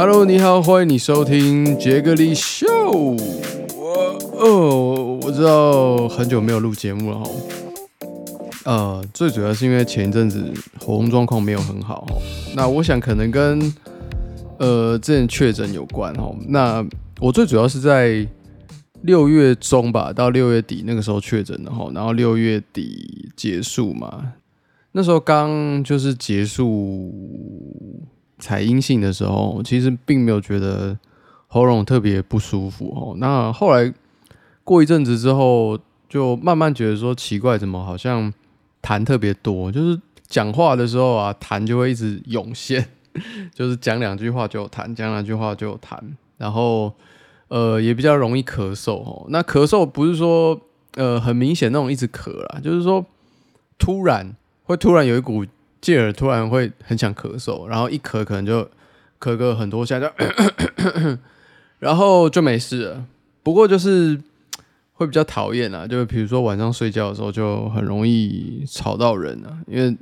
Hello，你好，歡迎你收聽傑克力秀。我哦，我知道很久沒有錄節目了哈。呃，最主要是因為前一陣子喉嚨狀況沒有很好哈。那我想可能跟呃之前確診有關哈。那我最主要是在六月中吧，到六月底那個時候確診的哈。然後六月底結束嘛，那時候剛就是結束。採陰性的時候，我其實並沒有覺得喉嚨特別不舒服哦。那後來過一陣子之後，就慢慢覺得說奇怪，怎麼好像痰特別多？就是講話的時候啊，痰就會一直湧現，就是講兩句話就有痰，講兩句話就有痰。然後呃，也比較容易咳嗽哦。那咳嗽不是說呃很明顯那種一直咳啦，就是說突然會突然有一股。戒而突然會很想咳嗽，然後一咳可能就咳個很多下，就咳咳咳咳咳，然後就沒事了。不過就是會比較討厭啊，就比如說晚上睡覺的時候就很容易吵到人啊，因為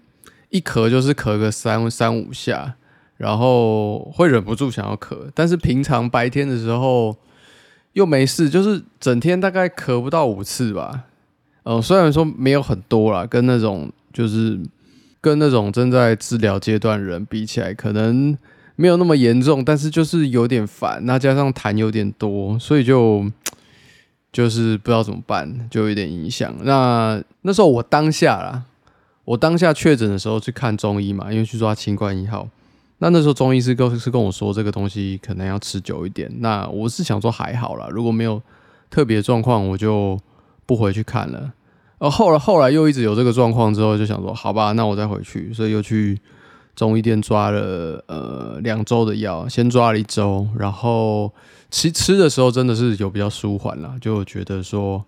一咳就是咳個三三五下，然後會忍不住想要咳。但是平常白天的時候又沒事，就是整天大概咳不到五次吧。嗯、呃，雖然說沒有很多啦，跟那種就是。跟那種正在治療階段的人比起來，可能沒有那麼嚴重，但是就是有點煩。那加上痰有點多，所以就就是不知道怎麼辦，就有點影響。那那時候我當下啦，我當下確診的時候去看中醫嘛，因為去抓清冠一號。那那時候中醫師跟是跟我說，這個東西可能要持久一點。那我是想說還好啦，如果沒有特別狀況，我就不回去看了。呃、哦，後來後來又一直有這個狀況，之後就想說，好吧，那我再回去，所以又去中醫店抓了呃兩周的藥，先抓了一周，然後吃吃的時候真的是有比較舒緩了，就覺得說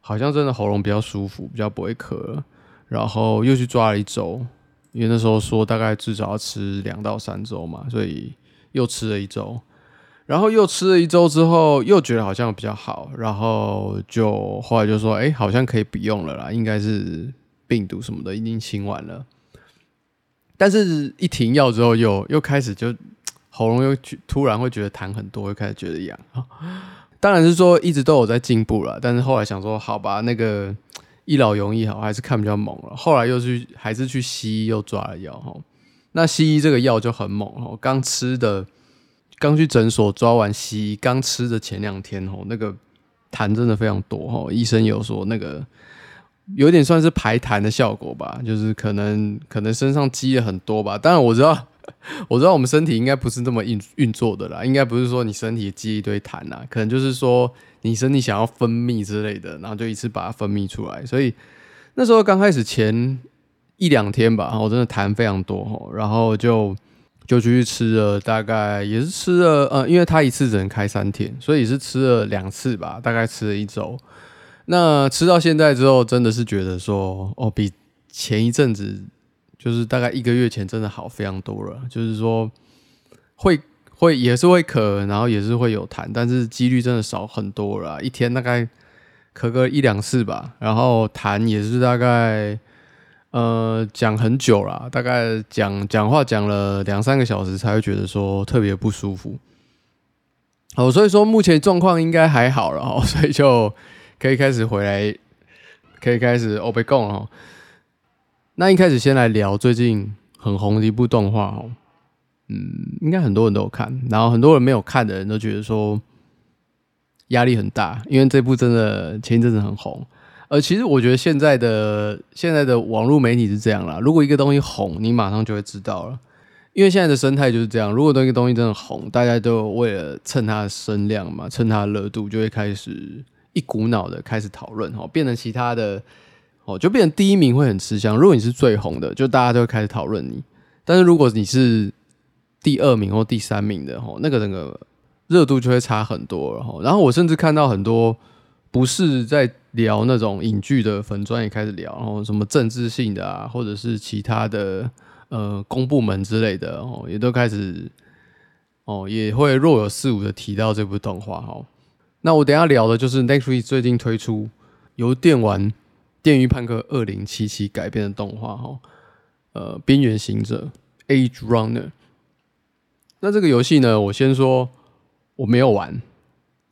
好像真的喉嚨比較舒服，比較不會咳，然後又去抓了一周，因為那時候說大概至少要吃兩到三周嘛，所以又吃了一周。然後又吃了一周之後，又覺得好像比較好，然後就後來就說：“哎，好像可以不用了啦，應該是病毒什麼的已經清完了。”但是，一停藥之後又，又又開始就喉嚨又突然會覺得痰很多，又開始覺得癢。當然是說一直都有在進步了，但是後來想說：“好吧，那個一勞永逸好，還是看比較猛了。”後來又去還是去西醫又抓了藥，那西醫這個藥就很猛，哈，我剛吃的。剛去診所抓完西醫，剛吃的前兩天哦，那個痰真的非常多哦。醫生有說那個有點算是排痰的效果吧，就是可能可能身上積了很多吧。當然我知道我知道我們身體應該不是那麼運運作的啦，應該不是說你身體積一堆痰啦，可能就是說你身體想要分泌之類的，然後就一次把它分泌出來。所以那時候剛開始前一兩天吧，我真的痰非常多哦，然後就。就出去吃了，大概也是吃了，呃，因為他一次只能開三天，所以也是吃了兩次吧，大概吃了一周。那吃到現在之後，真的是覺得說，哦，比前一陣子，就是大概一個月前，真的好非常多了。就是說，會會也是會咳，然後也是會有痰，但是幾率真的少很多了，一天大概咳個一兩次吧，然後痰也是大概。呃，講很久了，大概講講話講了兩三個小時，才會覺得說特別不舒服。好，所以說目前狀況應該還好了哦，所以就可以開始回來，可以開始歐北共了哦。那一開始先來聊最近很紅的一部動畫哦，嗯，應該很多人都有看，然後很多人沒有看的人都覺得說壓力很大，因為這部真的前一陣子很紅。呃，其實我覺得現在的現在的網絡媒體是這樣啦，如果一個東西紅，你馬上就會知道了，因為現在的生態就是這樣。如果一個東西真的紅，大家都為了蹭它的聲量嘛，蹭它的熱度，就會開始一股腦的開始討論，吼，變成其他的，哦，就變成第一名會很吃香。如果你是最紅的，就大家就會開始討論你。但是如果你是第二名或第三名的，吼，那個整個熱度就會差很多，然後，然後我甚至看到很多不是在聊那種影劇的粉專也開始聊，然後什麼政治性的啊，或者是其他的呃公部門之類的哦，也都開始哦，也會若有似無的提到這部動畫哦。那我等一下聊的就是 Netflix 最近推出由電玩電馭叛客二零七七改編的動畫哦。呃，邊緣行者 Edgerunners。那這個遊戲呢，我先說我沒有玩，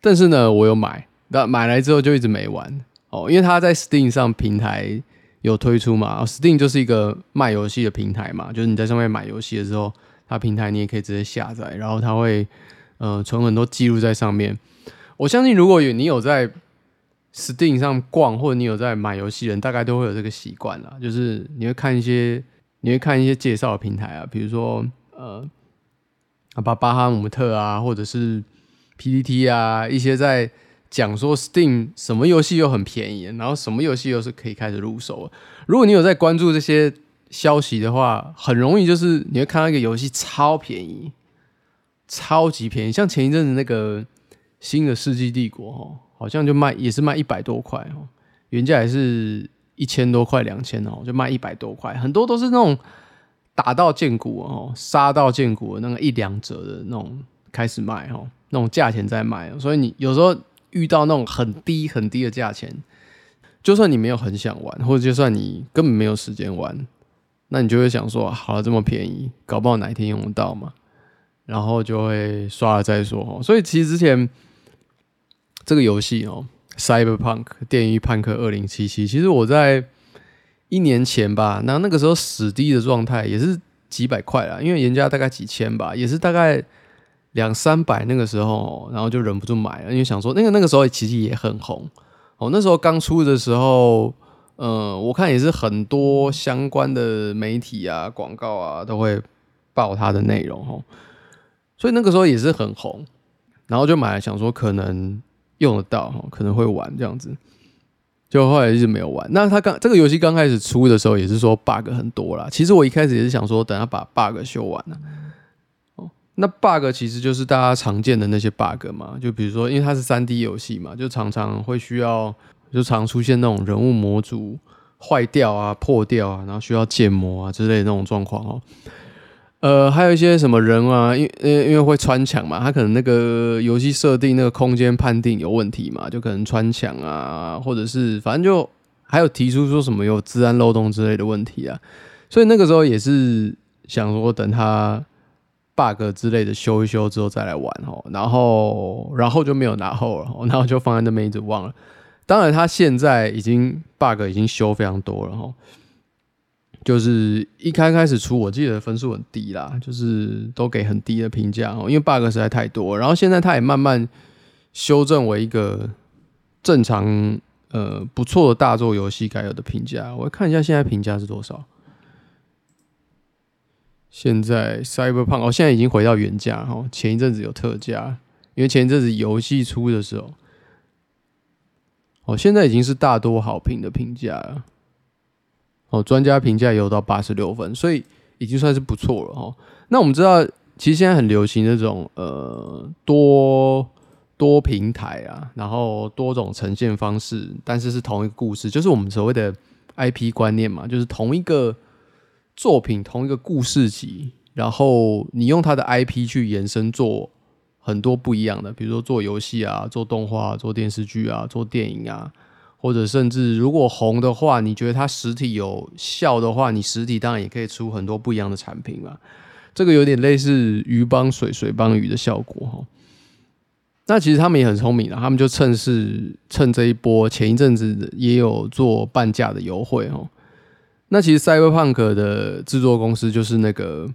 但是呢，我有買，那買來之後就一直沒玩。哦，因為他在 Steam 上平台有推出嘛，哦，Steam 就是一個賣遊戲的平台嘛，就是你在上面買遊戲的時候，它平台你也可以直接下載，然後它會，呃，存很多記錄在上面。我相信如果有你有在 Steam 上逛，或者你有在買遊戲的人，大概都會有這個習慣了，就是你會看一些，你會看一些介紹的平台啊，比如說呃，巴巴哈姆特啊，或者是 PPT 啊，一些在。講說 Steam 什麼遊戲又很便宜，然後什麼遊戲又是可以開始入手。如果你有在關注這些消息的話，很容易就是你會看到一個遊戲超便宜，超級便宜。像前一陣子那個新的《世紀帝國》哦，好像就賣也是賣一百多塊哦，原價也是一千多塊、兩千哦，就賣一百多塊。很多都是那種打到見骨哦，殺到見骨那個一兩折的那種開始賣哦，那種價錢在賣哦。所以你有時候。遇到那種很低很低的價錢，就算你沒有很想玩，或者就算你根本沒有時間玩，那你就會想說：啊、好了，這麼便宜，搞不好哪一天用得到嘛。然後就會刷了再說。所以其實之前這個遊戲哦，《Cyberpunk》《電馭叛客2077》，其實我在一年前吧，那那個時候死低的狀態也是幾百塊啦，因為原價大概幾千吧，也是大概。兩三百那個時候，然後就忍不住買了，因為想說那個那個時候其實也很紅，哦，那時候剛出的時候，嗯、呃，我看也是很多相關的媒體啊、廣告啊都會報它的內容哦，所以那個時候也是很紅，然後就買了，想說可能用得到、哦、可能會玩這樣子，就後來一直沒有玩。那它剛這個遊戲剛開始出的時候也是說 bug 很多啦，其實我一開始也是想說等下把 bug 修完了。那 bug 其實就是大家常見的那些 bug 嘛，就比如說，因為它是三 D 遊戲嘛，就常常會需要，就常出現那種人物模組壞掉啊、破掉啊，然後需要建模啊之類的那種狀況哦。呃，還有一些什麼人啊，因為因為會穿牆嘛，他可能那個遊戲設定那個空間判定有問題嘛，就可能穿牆啊，或者是反正就還有提出說什麼有治安漏洞之類的問題啊。所以那個時候也是想說等他。bug 之類的修一修之後再來玩，哦，然後然後就沒有拿後了，然後就放在那邊一直忘了。當然，他現在已經 bug 已經修非常多了，哈。就是一開開始出，我記得分數很低啦，就是都給很低的評價哦，因為 bug 實在太多。然後現在他也慢慢修正為一個正常呃不錯的大作遊戲該有的評價。我看一下現在評價是多少？現在 Cyberpunk 哦，現在已經回到原價哈。前一陣子有特價，因為前一陣子遊戲出的時候，哦，現在已經是大多好評的評價了。哦，專家評價有到八十六分，所以已經算是不錯了哦。那我們知道，其實現在很流行那種呃多多平台啊，然後多種呈現方式，但是是同一個故事，就是我們所謂的 IP 觀念嘛，就是同一個。作品同一個故事集，然後你用它的 IP 去延伸做很多不一樣的，比如說做遊戲啊，做動畫啊，做電視劇啊，做電影啊，或者甚至如果紅的話，你覺得它實體有效的話，你實體當然也可以出很多不一樣的產品啊。這個有點類似魚幫水，水幫魚的效果。那其實他們也很聰明了啊，他們就趁勢趁這一波，前一陣子也有做半價的優惠哦。那其實 Cyberpunk 的製作公司就是那個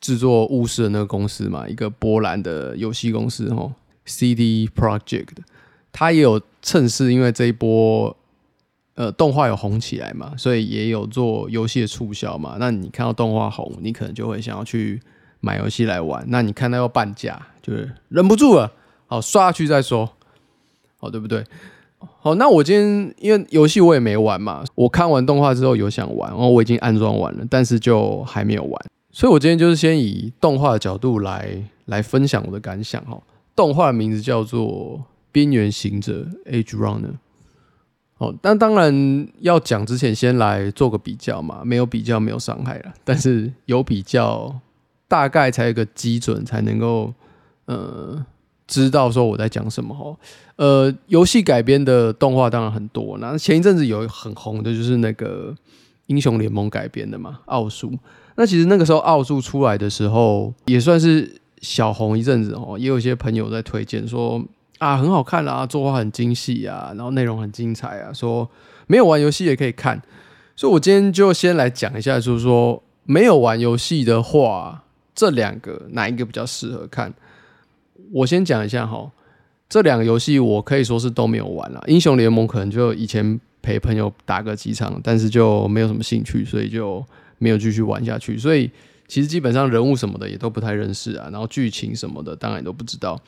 製作《巫師》的那個公司嘛，一個波蘭的遊戲公司哈，CD Projekt 它也有趁勢，因為這一波呃動畫有紅起來嘛，所以也有做遊戲的促銷嘛。那你看到動畫紅，你可能就會想要去買遊戲來玩。那你看到要半價，就是忍不住了，好刷下去再說，好對不對？好，那我今天因為遊戲我也沒玩嘛，我看完動畫之後有想玩，然、哦、後我已經安裝完了，但是就還沒有玩，所以我今天就是先以動畫的角度來來分享我的感想哈。動畫的名字叫做《邊緣行者 Edge Runner》。哦，但當然要講之前先來做個比較嘛，沒有比較沒有傷害了，但是有比較，大概才有個基準才能夠呃。知道說我在講什麼哦，呃，遊戲改編的動畫當然很多。那前一陣子有很紅的就是那個英雄聯盟改編的嘛，《奧術》。那其實那個時候《奧術》出來的時候也算是小紅一陣子哦，也有一些朋友在推薦說啊，很好看啊，作畫很精細啊，然後內容很精彩啊，說沒有玩遊戲也可以看。所以我今天就先來講一下，就是說沒有玩遊戲的話，這兩個哪一個比較適合看？我先講一下哈，這兩個遊戲我可以說是都沒有玩了。英雄聯盟可能就以前陪朋友打個幾場，但是就沒有什麼興趣，所以就沒有繼續玩下去。所以其實基本上人物什麼的也都不太認識啊，然後劇情什麼的當然都不知道。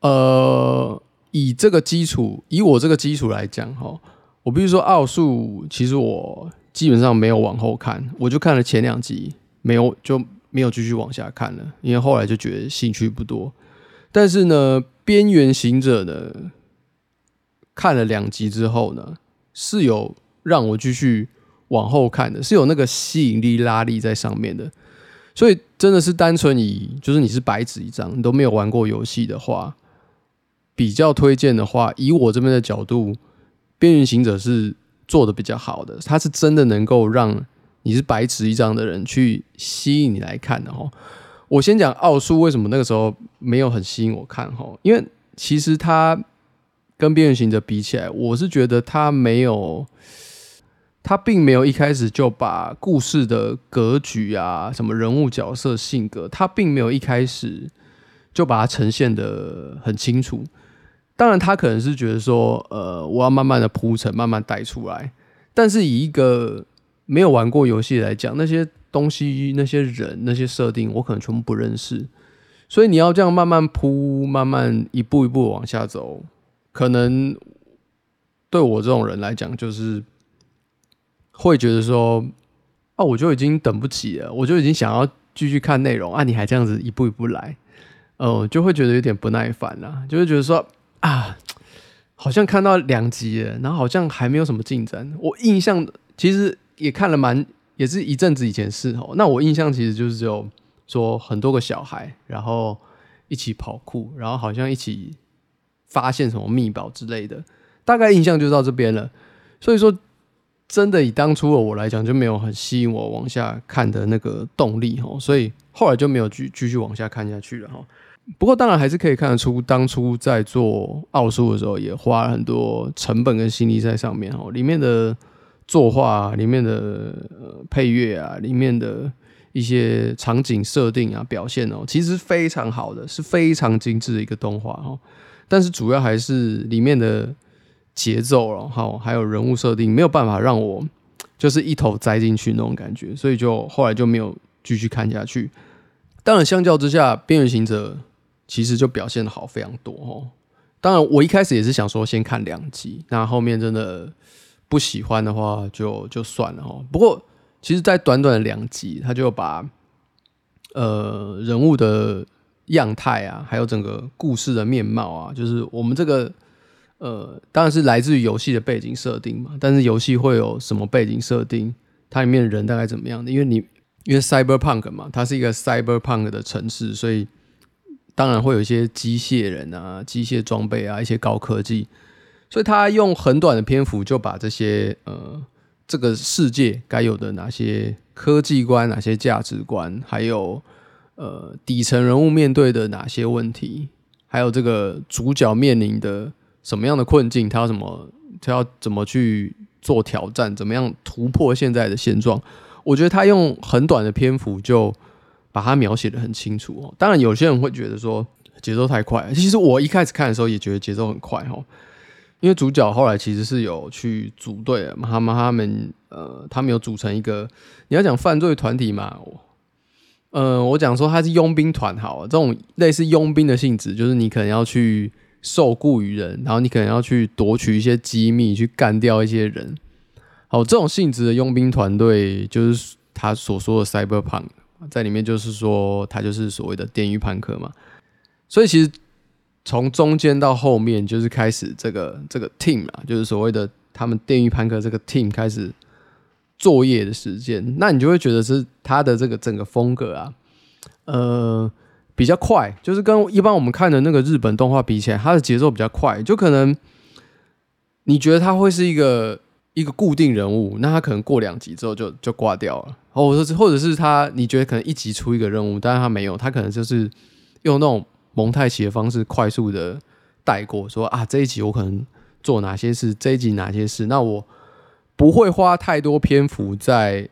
呃，以這個基礎，以我這個基礎來講哈，我比如說奧術，其實我基本上沒有往後看，我就看了前兩集，沒有，就沒有繼續往下看了，因為後來就覺得興趣不多。但是呢，邊緣行者呢，看了兩集之後呢，是有讓我繼續往後看的，是有那個吸引力拉力在上面的。所以真的是單純以就是你是白紙一張，你都沒有玩過遊戲的話，比較推薦的話，以我這邊的角度，邊緣行者是做的比較好的，它是真的能夠讓你是白紙一張的人去吸引你來看的哦。我先講奧數為什麼那個時候沒有很吸引我看哈，因為其實它跟邊緣行者比起來，我是覺得它沒有，它並沒有一開始就把故事的格局啊，什麼人物角色性格，它並沒有一開始就把它呈現的很清楚。當然，他可能是覺得說，呃，我要慢慢的鋪陳，慢慢帶出來。但是以一個沒有玩過遊戲來講，那些。東西那些人那些設定，我可能全部不認識，所以你要這樣慢慢鋪，慢慢一步一步往下走。可能對我這種人來講，就是會覺得說啊，我就已經等不及了，我就已經想要繼續看內容啊，你還這樣子一步一步來，哦、呃，就會覺得有點不耐煩了，就會覺得說啊，好像看到兩集了，然後好像還沒有什麼進展。我印象其實也看了蠻。也是一陣子以前是吼，那我印象其實就是只有說很多個小孩，然後一起跑酷，然後好像一起發現什麼秘寶之類的，大概印象就到這邊了。所以說，真的以當初的我來講，就沒有很吸引我往下看的那個動力吼，所以後來就沒有繼繼續往下看下去了哈。不過當然還是可以看得出，當初在做奧數的時候，也花了很多成本跟心力在上面哦，裡面的。作畫、啊、裡面的呃配樂啊，裡面的一些場景設定啊，表現哦、喔，其實非常好的，是非常精緻的一個動畫哦、喔。但是主要還是裡面的節奏了、喔，好、喔，還有人物設定，沒有辦法讓我就是一頭栽進去那種感覺，所以就後來就沒有繼續看下去。當然，相較之下，《邊緣行者》其實就表現的好非常多哦、喔。當然，我一開始也是想說先看兩集，那後面真的。不喜歡的話就就算了哦。不過其實，在短短的兩集，它就把呃人物的樣態啊，還有整個故事的面貌啊，就是我們這個呃，當然是來自於遊戲的背景設定嘛。但是遊戲會有什麼背景設定？它裡面的人大概怎麼樣的？因為你因為 Cyberpunk 嘛，它是一個 Cyberpunk 的城市，所以當然會有一些機械人啊、機械裝備啊、一些高科技。所以他用很短的篇幅就把這些呃這個世界該有的哪些科技觀、哪些價值觀，還有呃底層人物面對的哪些問題，還有這個主角面臨的什麼樣的困境，他要怎麼，他要怎麼去做挑戰，怎麼樣突破現在的現狀？我覺得他用很短的篇幅就把它描寫的很清楚、哦。當然，有些人會覺得說節奏太快，其實我一開始看的時候也覺得節奏很快，哦。因為主角後來其實是有去組隊，他們他們呃，他們有組成一個你要講犯罪團體嘛，呃。我講說他是傭兵團好，啊，這種類似傭兵的性質，就是你可能要去受雇於人，然後你可能要去奪取一些機密，去幹掉一些人。好，這種性質的傭兵團隊，就是他所說的 Cyberpunk 在裡面，就是說他就是所謂的電馭叛客嘛。所以其實。從中間到後面，就是開始這個這個 team 啦，就是所謂的他們電馭叛客這個 team 開始作業的時間，那你就會覺得是他的這個整個風格啊，呃，比較快，就是跟一般我們看的那個日本動畫比起來，它的節奏比較快，就可能你覺得他會是一個一個固定人物，那他可能過兩集之後就就掛掉了，或者是或者是他你覺得可能一集出一個任務，但是他沒有，他可能就是用那種。蒙太奇的方式快速的帶過，說啊，這一集我可能做哪些事，這一集哪些事，那我不會花太多篇幅在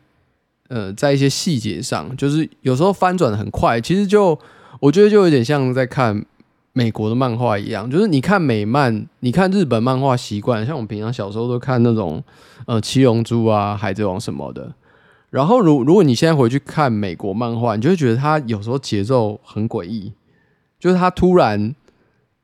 呃在一些細節上，就是有時候翻轉的很快，其實就我覺得就有點像在看美國的漫畫一樣，就是你看美漫，你看日本漫畫習慣，像我們平常小時候都看那種呃七龍珠啊、海賊王什麼的，然後如如果你現在回去看美國漫畫，你就會覺得它有時候節奏很詭異。就是他突然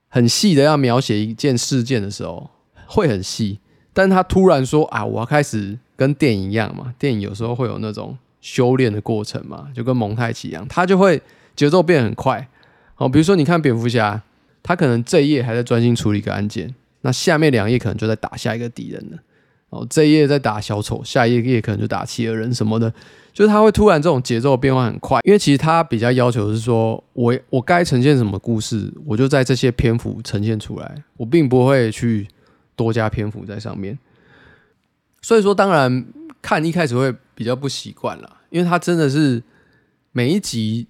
很細的要描寫一件事件的時候，會很細。但他突然說：“啊，我要開始跟電影一樣嘛，電影有時候會有那種修煉的過程嘛，就跟蒙太奇一樣，他就會節奏變很快。”哦，比如說你看蝙蝠俠，他可能這一頁還在專心處理一個案件，那下面兩頁可能就在打下一個敵人了。哦，這一頁在打小丑，下一頁可能就打企鵝人什麼的，就是他會突然這種節奏變化很快，因為其實他比較要求是說，我我該呈現什麼故事，我就在這些篇幅呈現出來，我並不會去多加篇幅在上面。所以說，當然看一開始會比較不習慣啦，因為他真的是每一集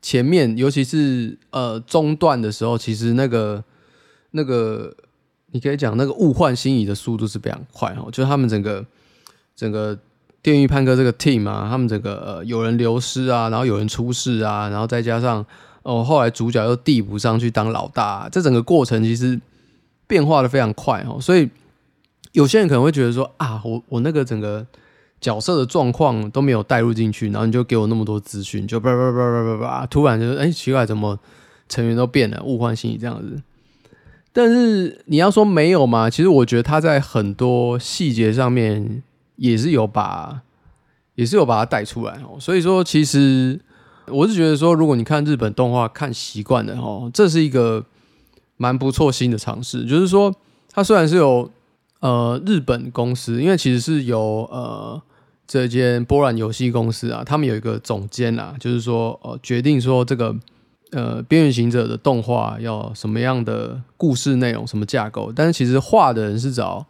前面，尤其是呃中段的時候，其實那個那個。你可以講那個物換星移的速度是非常快哦，就是他們整個整個電馭叛客這個 team 啊，他們整個、呃、有人流失啊，然後有人出事啊，然後再加上哦、呃，後來主角又遞補上去當老大、啊，這整個過程其實變化的非常快哦，所以有些人可能會覺得說啊，我我那個整個角色的狀況都沒有帶入進去，然後你就給我那麼多資訊，就叭叭叭叭叭叭，突然就是哎、欸、奇怪，怎麼成員都變了，物換星移這樣子。但是你要說沒有嗎？其實我覺得他在很多細節上面也是有把，也是有把它帶出來哦。所以說，其實我是覺得說，如果你看日本動畫看習慣了哦，這是一個蠻不錯新的嘗試。就是說，它雖然是有呃日本公司，因為其實是有呃這間波蘭遊戲公司啊，他們有一個總監啊，就是說呃決定說這個。呃，邊緣行者的動畫要什麼樣的故事內容、什麼架構？但是其實畫的人是找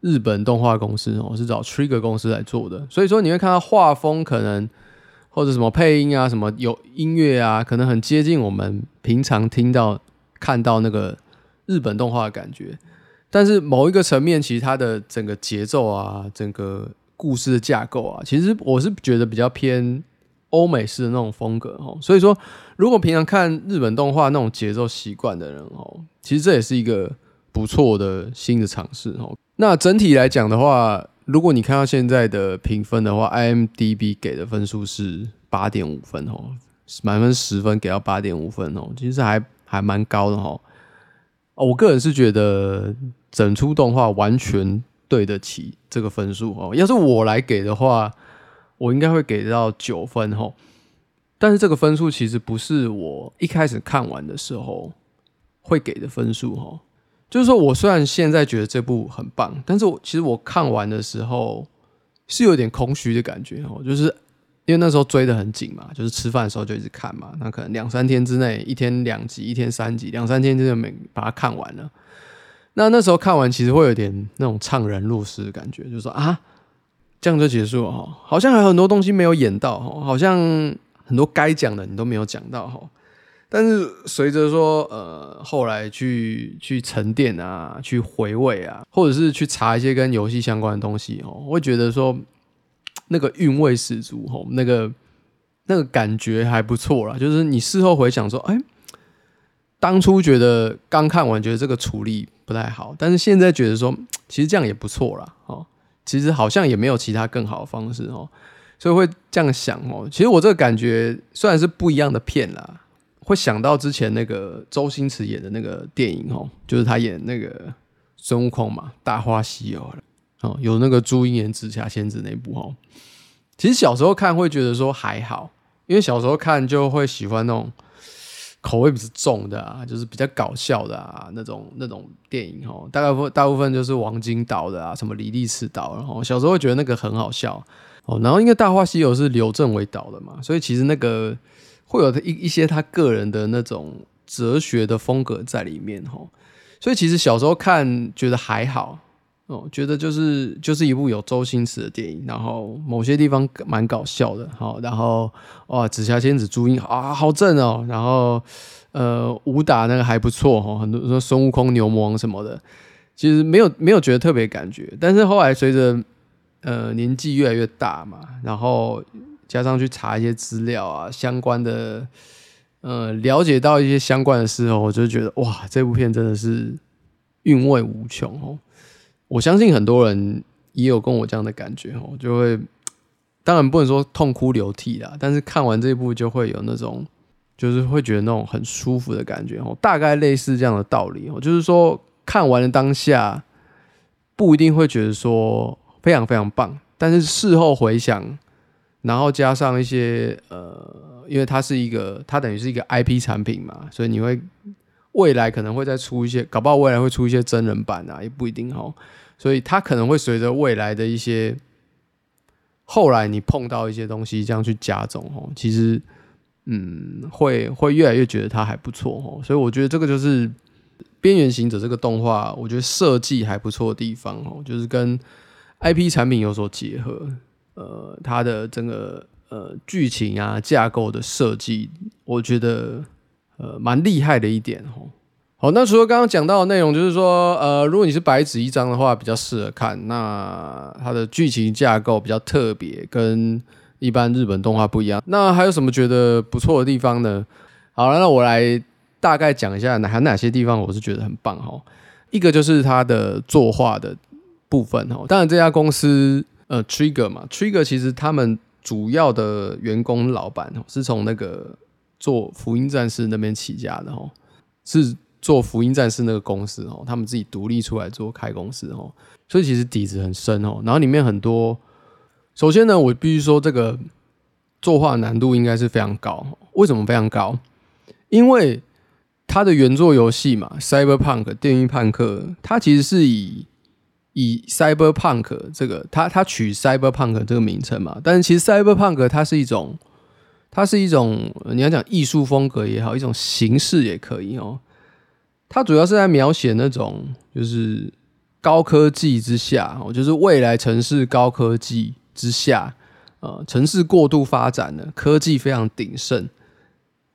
日本動畫公司，哦，是找 Trigger 公司來做的。所以說你會看到畫風可能或者什麼配音啊、什麼有音樂啊，可能很接近我們平常聽到、看到那個日本動畫的感覺。但是某一個層面，其實它的整個節奏啊、整個故事的架構啊，其實我是覺得比較偏。歐美式的那種風格哦，所以說，如果平常看日本動畫那種節奏習慣的人哦，其實這也是一個不錯的新的嘗試哦。那整體來講的話，如果你看到現在的評分的話，IMDB 給的分數是八點五分哦，滿分十分給到八點五分哦，其實還還蠻高的哦。我個人是覺得整出動畫完全對得起這個分數哦。要是我來給的話，我應該會給到九分哦，但是這個分數其實不是我一開始看完的時候會給的分數哦。就是說我雖然現在覺得這部很棒，但是我其實我看完的時候是有點空虛的感覺哦。就是因為那時候追得很緊嘛，就是吃飯的時候就一直看嘛，那可能兩三天之內，一天兩集，一天三集，兩三天之內沒把它看完了。那那時候看完其實會有點那種悵然若失的感覺，就是說啊。這樣就結束了哈，好像還很多東西沒有演到哈，好像很多該講的你都沒有講到哈。但是隨着說呃後來去去沉澱啊，去回味啊，或者是去查一些跟遊戲相關的東西哦，會覺得說那個韻味十足，那個那個感覺還不錯啦。就是你事後回想說，哎、欸，當初覺得剛看完覺得這個處理不太好，但是現在覺得說其實這樣也不錯啦哈。其實好像也沒有其他更好的方式哦，所以會這樣想哦。其實我這個感覺雖然是不一樣的片啦，會想到之前那個周星馳演的那個電影哦，就是他演那個孫悟空嘛，大花《大話西遊》哦，有那個朱茵演紫霞仙子那一部哦。其實小時候看會覺得說還好，因為小時候看就會喜歡那種。口味比較重的啊，就是比較搞笑的啊，那種那種電影哦，大概大部分就是王晶導的啊，什麼李力持導，然後小時候會覺得那個很好笑哦，然後因為《大話西遊》是劉鎮偉導的嘛，所以其實那個會有一一些他個人的那種哲學的風格在裡面哦，所以其實小時候看覺得還好。哦，覺得就是就是一部有周星馳的電影，然後某些地方蠻搞笑的，好、哦，然後哇，紫霞仙子朱茵啊，好正哦，然後呃，武打那個還不錯哈，很多說孫悟空、牛魔王什麼的，其實沒有沒有覺得特別感覺，但是後來隨着呃年紀越來越大嘛，然後加上去查一些資料啊，相關的呃了解到一些相關的事哦，我就覺得哇，這部片真的是韻味無窮哦。我相信很多人也有跟我這樣的感覺哦，就會，當然不能說痛哭流涕啦，但是看完這一部就會有那種，就是會覺得那種很舒服的感覺哦，大概類似這樣的道理哦，就是說看完了當下不一定會覺得說非常非常棒，但是事後回想，然後加上一些呃，因為它是一個，它等於是一個 IP 產品嘛，所以你會。未來可能會再出一些，搞不好未來會出一些真人版啊，也不一定哦。所以它可能會隨着未來的一些，後來你碰到一些東西，這樣去加重哦。其實，嗯，會會越來越覺得它還不錯哦。所以我覺得這個就是《邊緣行者》這個動畫，我覺得設計還不錯的地方哦，就是跟 IP 產品有所結合。呃，它的整個呃劇情啊架構的設計，我覺得。呃，蠻厲害的一點哦。好，那除了剛剛講到的內容，就是說，呃，如果你是白紙一張的話，比較適合看。那它的劇情架構比較特別，跟一般日本動畫不一樣。那還有什麼覺得不錯的地方呢？好了，那我來大概講一下哪，還有哪些地方我是覺得很棒哦。一個就是它的作畫的部分哦。當然，這家公司呃，Trigger 嘛，Trigger 其實他們主要的員工老板哦，是從那個。做福音戰士那邊起家的哈，是做福音戰士那個公司哦，他們自己獨立出來做開公司哦，所以其實底子很深哦。然後裡面很多，首先呢，我必須說這個作畫難度應該是非常高。為什麼非常高？因為它的原作遊戲嘛，Cyberpunk 電馭叛客，它其實是以以 Cyberpunk 這個它它取 Cyberpunk 這個名稱嘛，但是其實 Cyberpunk 它是一種。它是一種，你要講藝術風格也好，一種形式也可以哦。它主要是在描寫那種，就是高科技之下，哦，就是未來城市高科技之下，呃，城市過度發展了，科技非常鼎盛，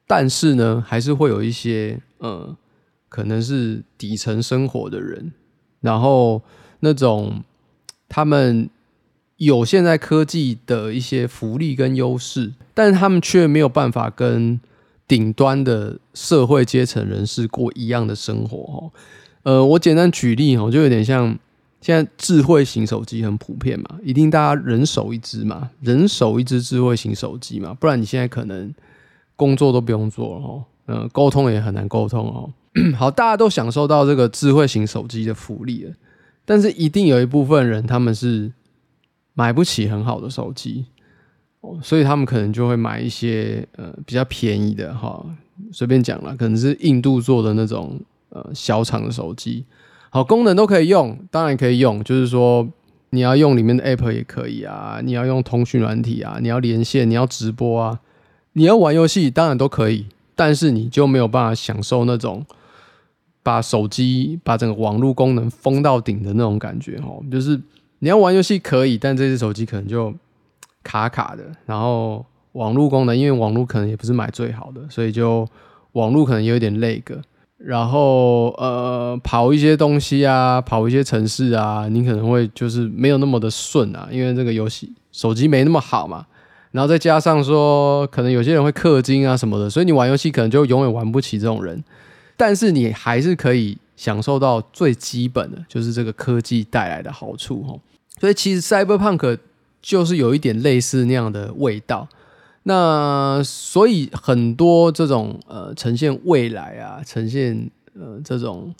但是呢，還是會有一些，呃，可能是底層生活的人，然後那種他們。有現在科技的一些福利跟優勢，但是他們卻沒有辦法跟頂端的社會階層人士過一樣的生活哦。呃，我簡單舉例哦，就有點像現在智慧型手機很普遍嘛，一定大家人手一支嘛，人手一支智慧型手機嘛，不然你現在可能工作都不用做了哦，嗯、呃，溝通也很難溝通哦。好，大家都享受到這個智慧型手機的福利了，但是一定有一部分人他們是。買不起很好的手機，哦，所以他們可能就會買一些呃比較便宜的哈，隨便講了，可能是印度做的那種呃小廠的手機。好，功能都可以用，當然可以用，就是說你要用裡面的 app 也可以啊，你要用通訊軟體啊，你要連線，你要直播啊，你要玩遊戲，當然都可以，但是你就沒有辦法享受那種把手機把整個網絡功能封到頂的那種感覺哦，就是。你要玩遊戲可以，但這只手機可能就卡卡的，然後網絡功能，因為網絡可能也不是買最好的，所以就網絡可能有點 lag。然後呃，跑一些東西啊，跑一些城市啊，你可能會就是沒有那麼的順啊，因為這個遊戲手機沒那麼好嘛。然後再加上說，可能有些人會氪金啊什麼的，所以你玩遊戲可能就永遠玩不起這種人。但是你還是可以享受到最基本的就是這個科技帶來的好處齁。所以其實 Cyberpunk 就是有一點類似那樣的味道，那所以很多這種呃呈現未來啊，呈現呃這種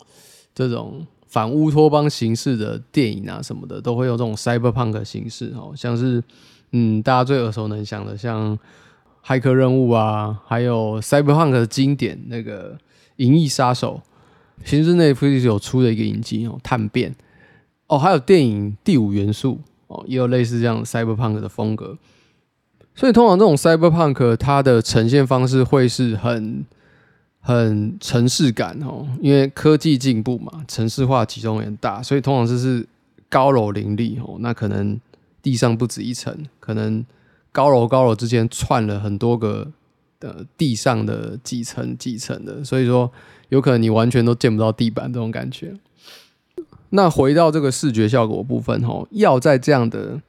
這種反烏托邦形式的電影啊什麼的，都會有這種 Cyberpunk 形式哦，像是嗯大家最耳熟能詳的，像《駭客任務》啊，還有 Cyberpunk 的經典那個《銀翼殺手》，其實那 e t f l 有出的一個影集哦，探《探變》。哦，還有電影《第五元素》哦，也有類似這樣 cyberpunk 的風格。所以通常這種 cyberpunk 它的呈現方式會是很很城市感哦，因為科技進步嘛，城市化集中也很大，所以通常就是高樓林立哦。那可能地上不止一層，可能高樓高樓之間串了很多個的地上的幾層幾層的，所以說有可能你完全都見不到地板這種感覺。那回到這個視覺效果部分哈，要在這樣的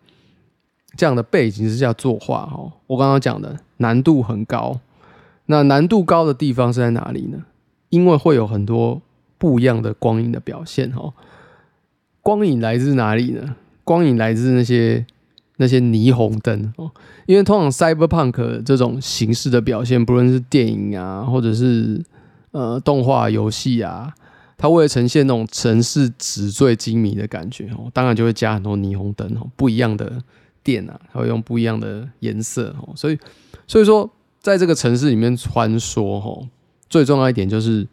這樣的背景之下作畫哈，我剛剛講的難度很高。那難度高的地方是在哪裡呢？因為會有很多不一樣的光影的表現哈。光影來自哪裡呢？光影來自那些那些霓虹燈哦，因為通常 cyberpunk 這種形式的表現，不論是電影啊，或者是呃動畫遊戲啊。它為了呈現那種城市紙醉金迷的感覺哦，當然就會加很多霓虹燈哦，不一樣的店啊，它會用不一樣的顏色哦，所以，所以說，在這個城市裡面穿梭哦，最重要一點就是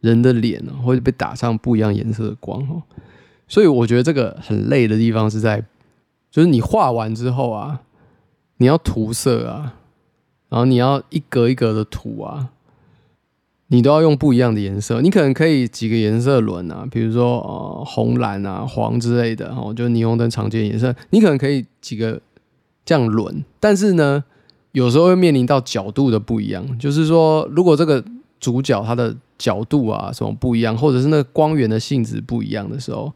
人的臉會被打上不一樣顏色的光哦，所以我覺得這個很累的地方是在，就是你畫完之後啊，你要塗色啊，然後你要一格一格的塗啊。你都要用不一樣的顏色，你可能可以幾個顏色輪啊，比如說呃紅藍啊、黃之類的，哈，就霓虹燈常見的顏色，你可能可以幾個這樣輪。但是呢，有時候會面臨到角度的不一樣，就是說如果這個主角它的角度啊什麼不一樣，或者是那個光源的性質不一樣的時候，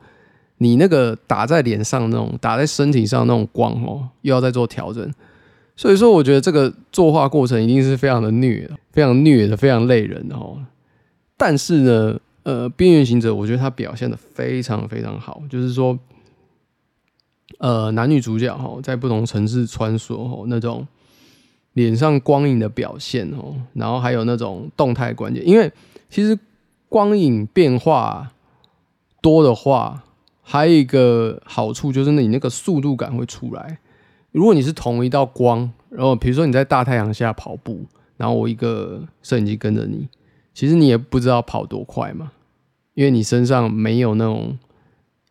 你那個打在臉上那種、打在身體上那種光哦，又要再做調整。所以說，我覺得這個作畫過程一定是非常的虐的，非常虐的，非常累人的哦。但是呢，呃，邊緣行者，我覺得他表現的非常非常好，就是說，呃，男女主角哈、哦，在不同城市穿梭哈、哦，那種臉上光影的表現哦，然後還有那種動態關鍵，因為其實光影變化多的話，還有一個好處就是，那你那個速度感會出來。如果你是同一道光，然後比如說你在大太陽下跑步，然後我一個攝影機跟着你，其實你也不知道跑多快嘛，因為你身上沒有那種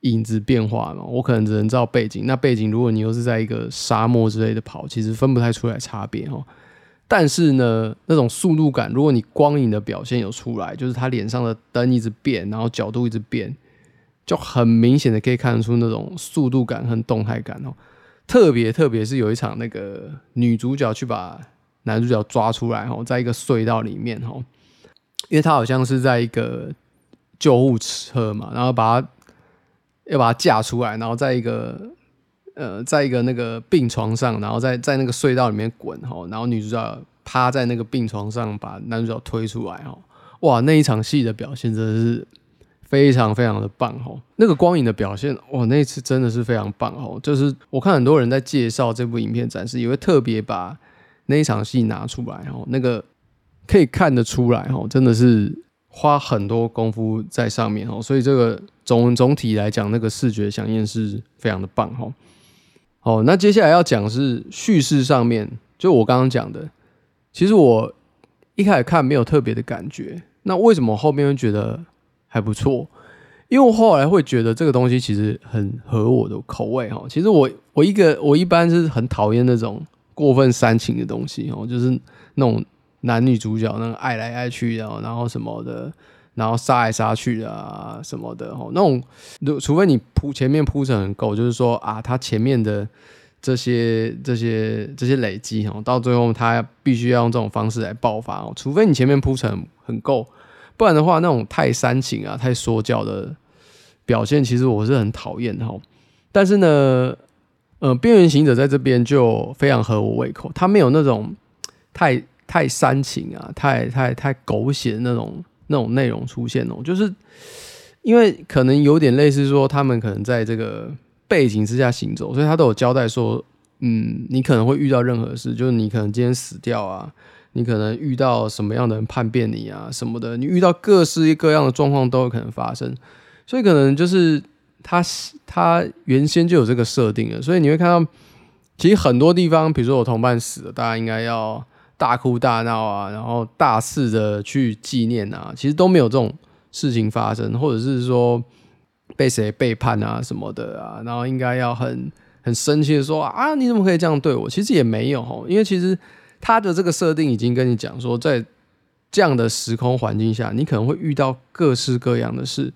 影子變化嘛。我可能只能照背景，那背景如果你又是在一個沙漠之類的跑，其實分不太出來差別哦。但是呢，那種速度感，如果你光影的表現有出來，就是他臉上的燈一直變，然後角度一直變，就很明顯的可以看得出那種速度感和動態感哦。特別特別是有一場那個女主角去把男主角抓出來吼，在一個隧道裡面吼，因為他好像是在一個救護車嘛，然後把他要把他架出來，然後在一個呃在一個那個病床上，然後在在那個隧道裡面滾吼，然後女主角趴在那個病床上把男主角推出來吼，哇那一場戲的表現真的是。非常非常的棒哦，那個光影的表現哇，那一次真的是非常棒哦。就是我看很多人在介紹這部影片展示，也會特別把那一場戲拿出來哦。那個可以看得出來哦，真的是花很多功夫在上面哦。所以這個總總體來講，那個視覺響應是非常的棒哦。好，那接下來要講的是敘事上面，就我剛剛講的，其實我一開始看沒有特別的感覺，那為什麼後面會覺得？還不錯，因為我後來會覺得這個東西其實很合我的口味哦，其實我我一個我一般是很討厭那種過分煽情的東西哦，就是那種男女主角那種愛來愛去的，然後什麼的，然後殺來殺去啊什麼的哦。那種除除非你鋪前面鋪成很夠，就是說啊，他前面的這些這些這些累積哦，到最後他必須要用這種方式來爆發哦。除非你前面鋪成很夠。不然的話，那種太煽情啊、太說教的表現，其實我是很討厭的。但是呢，呃，邊緣行者在這邊就非常合我胃口，他沒有那種太太煽情啊、太太太狗血的那種那種內容出現喔。哦，就是因為可能有點類似說，他們可能在這個背景之下行走，所以他都有交代說，嗯，你可能會遇到任何事，就是你可能今天死掉啊。你可能遇到什麼樣的人叛變你啊什麼的，你遇到各式各樣的狀況都有可能發生，所以可能就是他他原先就有這個設定了，所以你會看到，其實很多地方，比如說我同伴死了，大家應該要大哭大鬧啊，然後大肆的去紀念啊，其實都沒有這種事情發生，或者是說被誰背叛啊什麼的啊，然後應該要很很生氣的說啊，你怎麼可以這樣對我？其實也沒有，因為其實。他的這個設定已經跟你講說，在這樣的時空環境下，你可能會遇到各式各樣的事，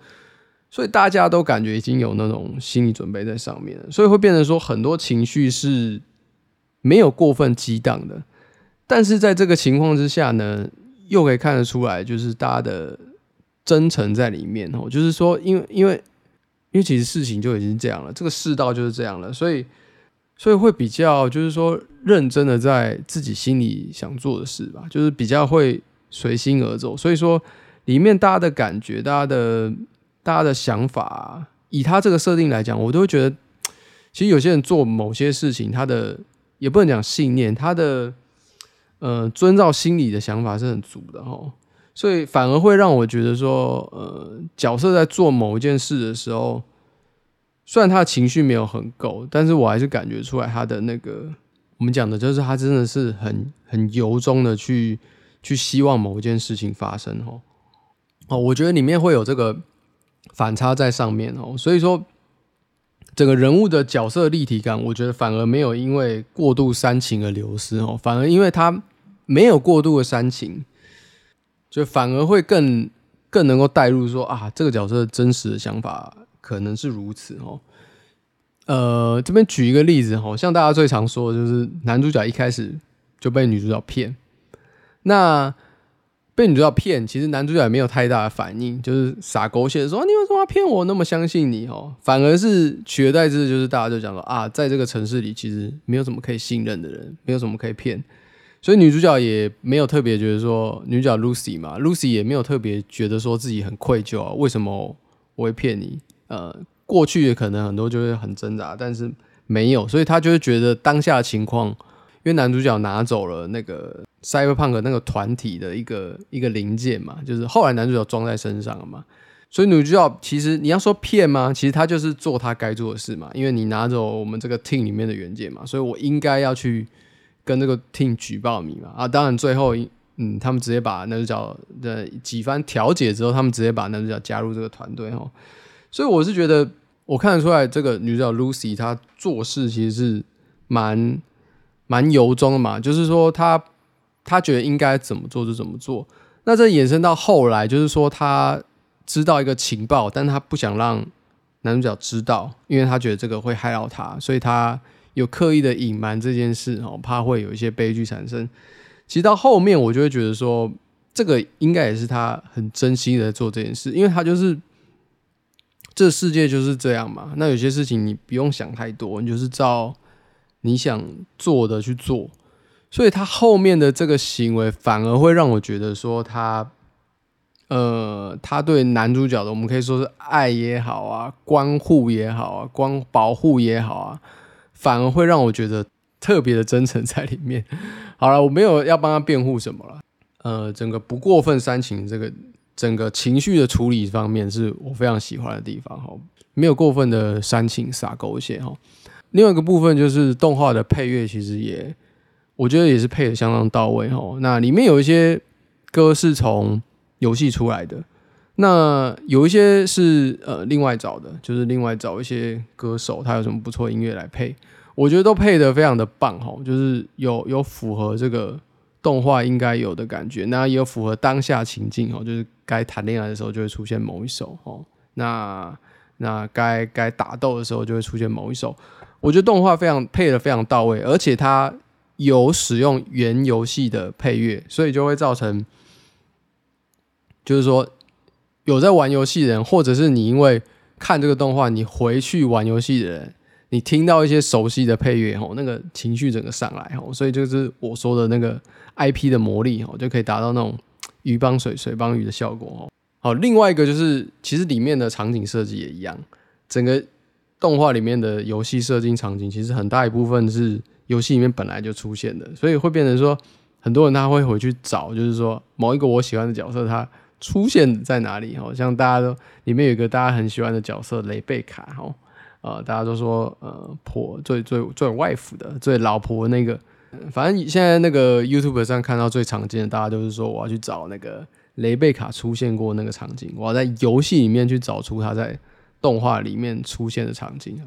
所以大家都感覺已經有那種心理準備在上面，所以會變成說很多情緒是沒有過分激盪的，但是在這個情況之下呢，又可以看得出來，就是大家的真誠在裡面哦，就是說，因為因為因為其實事情就已經這樣了，這個世道就是這樣了，所以。所以會比較，就是說認真的在自己心裡想做的事吧，就是比較會隨心而走。所以說，裡面大家的感覺、大家的、大家的想法，以他這個設定來講，我都會覺得，其實有些人做某些事情，他的也不能講信念，他的呃遵照心裡的想法是很足的哦，所以反而會讓我覺得說，呃，角色在做某一件事的時候。雖然他的情緒沒有很夠，但是我還是感覺出來他的那個，我們講的就是他真的是很很由衷的去去希望某一件事情發生哦哦，我覺得裡面會有這個反差在上面哦，所以說整個人物的角色的立體感，我覺得反而沒有因為過度煽情而流失哦，反而因為他沒有過度的煽情，就反而會更更能夠帶入說啊，這個角色真實的想法。可能是如此哦。呃，這邊舉一個例子哈、哦，像大家最常說的就是男主角一開始就被女主角騙，那被女主角騙，其實男主角也沒有太大的反應，就是撒狗血的說、啊、你為什麼要騙我，那麼相信你哦，反而是取而代之的就是大家就講說啊，在這個城市裡其實沒有什麼可以信任的人，沒有什麼可以騙，所以女主角也沒有特別覺得說，女主角 Lucy 嘛，Lucy 也沒有特別覺得說自己很愧疚啊，為什麼我會騙你？呃，過去也可能很多就會很掙扎，但是沒有，所以他就會覺得當下的情況，因為男主角拿走了那個 Cyberpunk 那個團體的一個一個零件嘛，就是後來男主角裝在身上了嘛，所以女主角其實你要說騙嗎？其實他就是做他該做的事嘛，因為你拿走我們這個 Team 裡面的原件嘛，所以我應該要去跟這個 Team 舉報你嘛啊，當然最後嗯，他們直接把男主角的幾番調解之後，他們直接把男主角加入這個團隊哦。所以我是覺得，我看得出來，這個女主角 Lucy 她做事其實是蠻蠻由衷的嘛，就是說她她覺得應該怎麼做就怎麼做。那這衍生到後來，就是說她知道一個情報，但她不想讓男主角知道，因為她覺得這個會害到他，所以她有刻意的隱瞞這件事哦，怕會有一些悲劇產生。其實到後面我就會覺得說，這個應該也是她很珍惜的做這件事，因為她就是。這世界就是這樣嘛，那有些事情你不用想太多，你就是照你想做的去做。所以他後面的這個行為反而會讓我覺得說他，呃，他對男主角的，我們可以說是愛也好啊，關護也好啊，光保護也好啊，反而會讓我覺得特別的真誠在裡面。好了，我沒有要幫他辯護什麼了。呃，整個不過分煽情這個。整個情緒的處理方面是我非常喜歡的地方哈，沒有過分的煽情撒狗血哈。另外一個部分就是動畫的配樂，其實也我覺得也是配的相當到位哈。那裡面有一些歌是從遊戲出來的，那有一些是呃另外找的，就是另外找一些歌手，他有什麼不錯的音樂來配，我覺得都配的非常的棒哈，就是有有符合這個動畫應該有的感覺，那也有符合當下情境哈，就是。該談戀愛的時候就會出現某一首哦，那那該該打鬥的時候就會出現某一首。我覺得動畫非常配得非常到位，而且它有使用原遊戲的配樂，所以就會造成，就是說有在玩遊戲的人，或者是你因為看這個動畫你回去玩遊戲的人，你聽到一些熟悉的配樂哦，那個情緒整個上來哦，所以就是我說的那個 IP 的魔力哦，就可以達到那種。魚幫水，水幫魚的效果哦。好，另外一個就是，其實裡面的場景設計也一樣。整個動畫裡面的遊戲設定場景，其實很大一部分是遊戲裡面本來就出現的，所以會變成說，很多人他會回去找，就是說某一個我喜歡的角色他出現在哪裡哦。像大家都裡面有一個大家很喜歡的角色雷貝卡哈，呃，大家都說呃婆最最最 waifu 的最老婆的那個。反正現在那個 YouTube 上看到最常見的，大家都是說我要去找那個雷貝卡出現過那個場景，我要在遊戲裡面去找出他在動畫裡面出現的場景。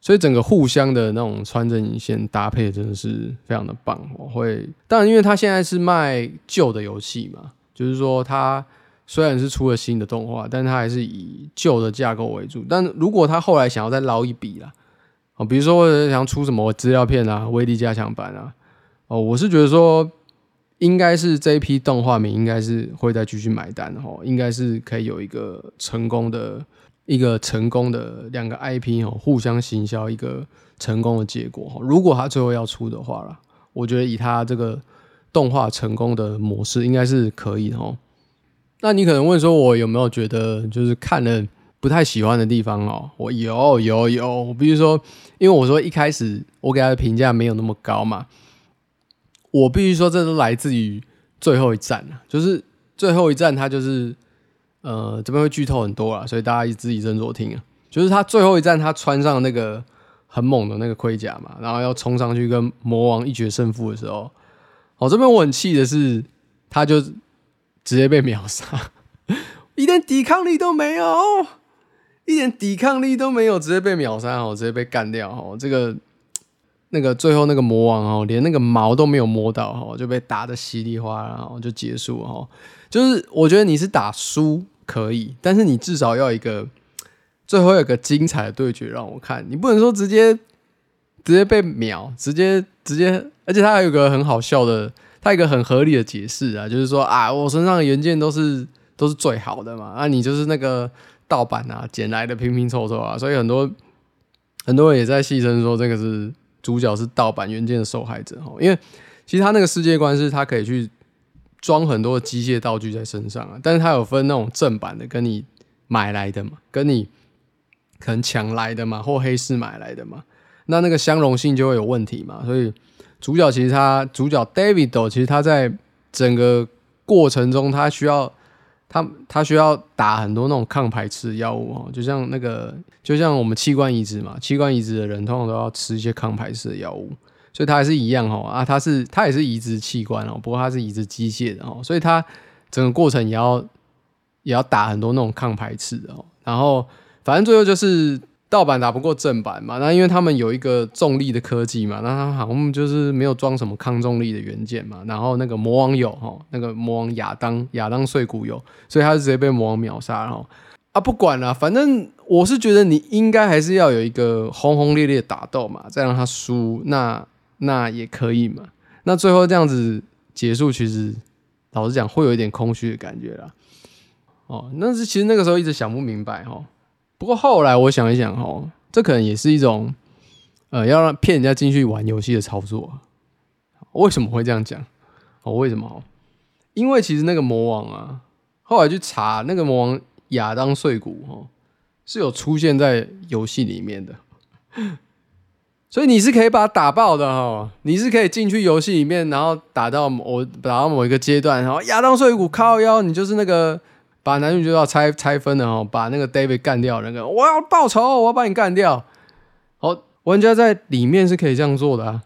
所以整個互相的那種穿針引線搭配真的是非常的棒。我會，當然，因為他現在是賣舊的遊戲嘛，就是說他雖然是出了新的動畫，但是他還是以舊的架構為主。但如果他後來想要再撈一筆啦。哦，比如說我想出什麼資料片啊，威力加強版啊，哦，我是覺得說，應該是這一批動畫迷，應該是會再繼續買單的哦，應該是可以有一個成功的，一個成功的兩個 IP 哦，互相行銷一個成功的結果哦，如果它最後要出的話了，我覺得以它這個動畫成功的模式，應該是可以的哦。那你可能問說，我有沒有覺得就是看了不太喜歡的地方哦、喔，我有有有，我必須說，因為我說一開始我給他的評價沒有那麼高嘛，我必須說這都來自於最後一戰、啊、就是最後一戰，他就是呃這邊會劇透很多啊，所以大家自己斟酌聽啊，就是他最後一戰，他穿上那個很猛的那個盔甲嘛，然後要衝上去跟魔王一決勝負的時候，哦、喔、這邊我很氣的是他就直接被秒殺， 一點抵抗力都沒有。一點抵抗力都沒有，直接被秒殺哦，直接被幹掉哦。這個那個最後那個魔王哦，連那個毛都沒有摸到哦，就被打得稀里嘩啦，就結束哦。就是我覺得你是打輸可以，但是你至少要一個最後有個精彩的對決讓我看。你不能說直接直接被秒，直接直接，而且他還有一個很好笑的，他有一個很合理的解釋啊，就是說啊，我身上的原件，都是都是最好的嘛，啊，你就是那個。盜版啊，撿來的拼拼湊湊啊，所以很多很多人也在戲稱說，這個是主角是盜版原件的受害者哦。因為其實他那個世界觀是他可以去裝很多的機械道具在身上啊，但是他有分那種正版的跟你買來的嘛，跟你可能搶來的嘛，或黑市買來的嘛，那那個相容性就會有問題嘛。所以主角其實他主角 David 其實他在整個過程中他需要。他他需要打很多那種抗排斥的藥物哦、喔，就像那個，就像我們器官移植嘛，器官移植的人通常都要吃一些抗排斥的藥物，所以他還是一樣哦、喔、啊，他是他也是移植器官哦、喔，不過他是移植機械的哦、喔，所以他整個過程也要也要打很多那種抗排斥哦，然後反正最後就是。盜版打不過正版嘛，那因為他們有一個重力的科技嘛，那他好像就是沒有裝什麼抗重力的元件嘛。然後那個魔王有哈、哦，那個魔王亞當亞當碎骨有，所以他就直接被魔王秒殺。然後啊，不管了，反正我是覺得你應該還是要有一個轟轟烈烈的打鬥嘛，再讓他輸，那那也可以嘛。那最後這樣子結束，其實老實講會有一點空虛的感覺啦。哦，那是其實那個時候一直想不明白哈。哦不過後來我想一想哦，這可能也是一種，呃，要讓騙人家進去玩遊戲的操作。為什麼會這樣講？哦，為什麼？哦，因為其實那個魔王啊，後來去查那個魔王亞當碎骨哦，是有出現在遊戲裡面的。所以你是可以把它打爆的哦，你是可以進去遊戲裡面，然後打到某打到某一個階段，然後亞當碎骨靠腰，你就是那個。把男女主角拆拆分了哦，喔，把那個 David 幹掉，那個我要報仇，喔，我要把你幹掉。好，玩家在裡面是可以這樣做的啊。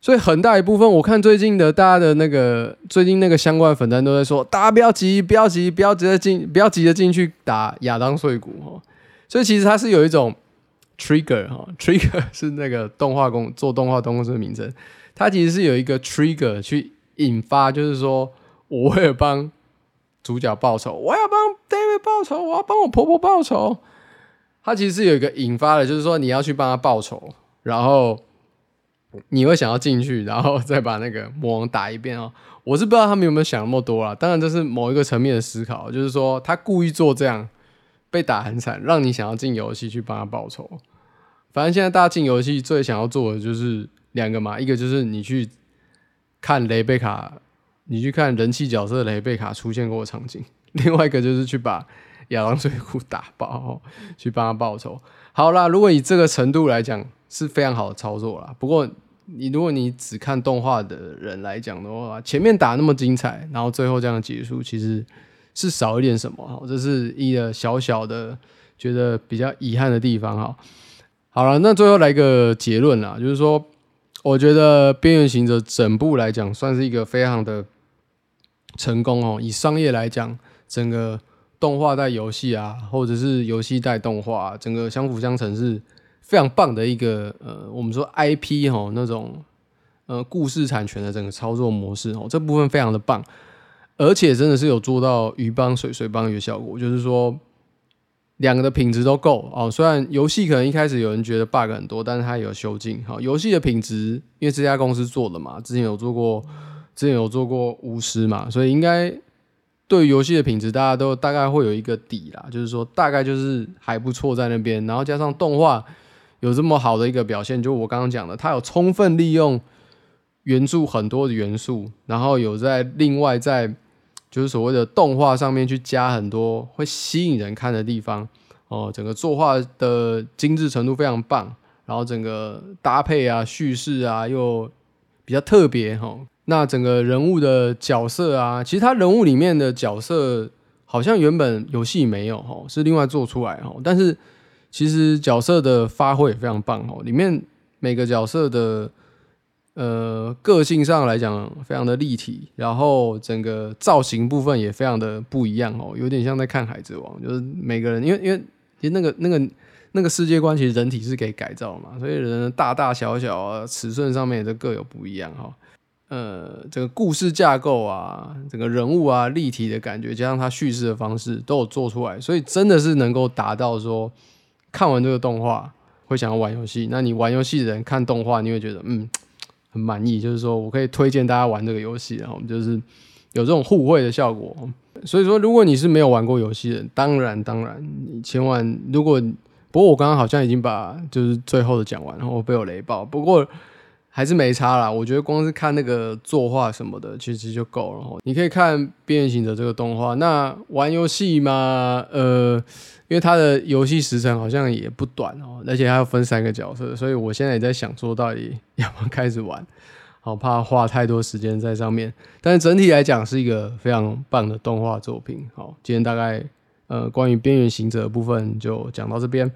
所以很大一部分，我看最近的大家的那個最近那個相關的粉單都在說，大家不要急，不要急，不要急着進，不要急着進去打亞當碎骨哈，喔。所以其實它是有一種 trigger 哈、喔，trigger 是那個動畫公做動畫動畫的名稱，它其實是有一個 trigger 去引發，就是說我為了幫。主角報仇，我要幫 David 報仇，我要幫我婆婆報仇。他其實是有一個引發的，就是說你要去幫他報仇，然後你會想要進去，然後再把那個魔王打一遍哦。我是不知道他們有沒有想那麼多啦。當然這是某一個層面的思考，就是說他故意做這樣被打很慘，讓你想要進遊戲去幫他報仇。反正現在大家進遊戲最想要做的就是兩個嘛，一個就是你去看雷貝卡。你去看人氣角色的雷貝卡出現過的場景，另外一個就是去把亞當水庫打爆，去幫他報仇。好啦，如果以這個程度來講，是非常好的操作啦，不過，你如果你只看動畫的人來講的話，前面打那麼精彩，然後最後這樣結束，其實是少一點什麼，這是一個小小的覺得比較遺憾的地方。好，好了，那最後來一個結論啊，就是說，我覺得《邊緣行者》整部來講，算是一個非常的。成功哦！以商業來講，整個動畫帶遊戲啊，或者是遊戲帶動畫、啊，整個相輔相成是非常棒的一個呃，我們說 IP 哈、哦、那種呃故事產權的整個操作模式哦，這部分非常的棒，而且真的是有做到魚幫水水幫魚效果，就是說兩個的品質都夠哦。雖然遊戲可能一開始有人覺得 bug 很多，但是它也有修進，好、哦、遊戲的品質，因為這家公司做的嘛，之前有做過。之前有做過巫師嘛，所以應該對遊戲的品質，大家都大概會有一個底啦。就是說，大概就是還不錯在那邊，然後加上動畫有這麼好的一個表現，就我剛剛講的，它有充分利用原著很多的元素，然後有在另外在就是所謂的動畫上面去加很多會吸引人看的地方哦、呃。整個作畫的精緻程度非常棒，然後整個搭配啊、敘事啊又比較特別哈。那整個人物的角色啊，其實他人物裡面的角色好像原本遊戲沒有哈，是另外做出來哈。但是其實角色的發揮也非常棒哦，裡面每個角色的呃個性上來講非常的立體，然後整個造型部分也非常的不一樣哦，有點像在看海賊王，就是每個人因為因為其實那個那個那個世界觀其實人體是可以改造嘛，所以人的大大小小啊尺寸上面也是各有不一樣哈。呃，這個故事架構啊，整個人物啊，立體的感覺，加上它敘事的方式，都有做出來，所以真的是能夠達到說，看完這個動畫會想要玩遊戲。那你玩遊戲的人看動畫，你會覺得嗯，很滿意。就是說我可以推薦大家玩這個遊戲，然後我們就是有這種互惠的效果。所以說，如果你是沒有玩過遊戲的人，當然當然，你千萬，如果不過我剛剛好像已經把就是最後的講完，然後被我雷爆。不過。還是沒差啦，我覺得光是看那個作畫什麼的，其實就夠了、喔、你可以看《邊緣行者》這個動畫。那玩遊戲嗎？呃，因為它的遊戲時長好像也不短哦、喔，而且它要分三個角色，所以我現在也在想說，到底要不要開始玩？好、喔、怕花太多時間在上面。但是整體來講，是一個非常棒的動畫作品。好、喔，今天大概呃關於《邊緣行者》的部分就講到這邊。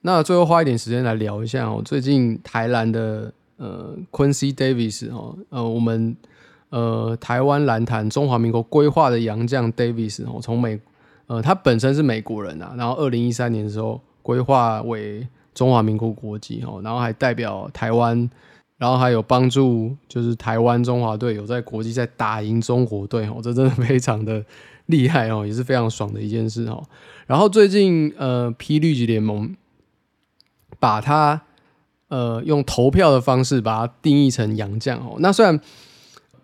那最後花一點時間來聊一下、喔，我最近台南的。呃，Quincy Davis 哦，呃，我們呃，台灣籃壇中華民國歸化的洋將 Davis 哦，從美呃，他本身是美國人吶、啊，然後二零一三年的時候歸化為中華民國國籍哦，然後還代表台灣，然後還有幫助就是台灣中華隊有在國際在打贏中國隊哦，這真的非常的厲害哦，也是非常爽的一件事哦。然後最近呃，P. LEAGUE+ 聯盟把他。呃，用投票的方式把它定義成洋將哦。那雖然，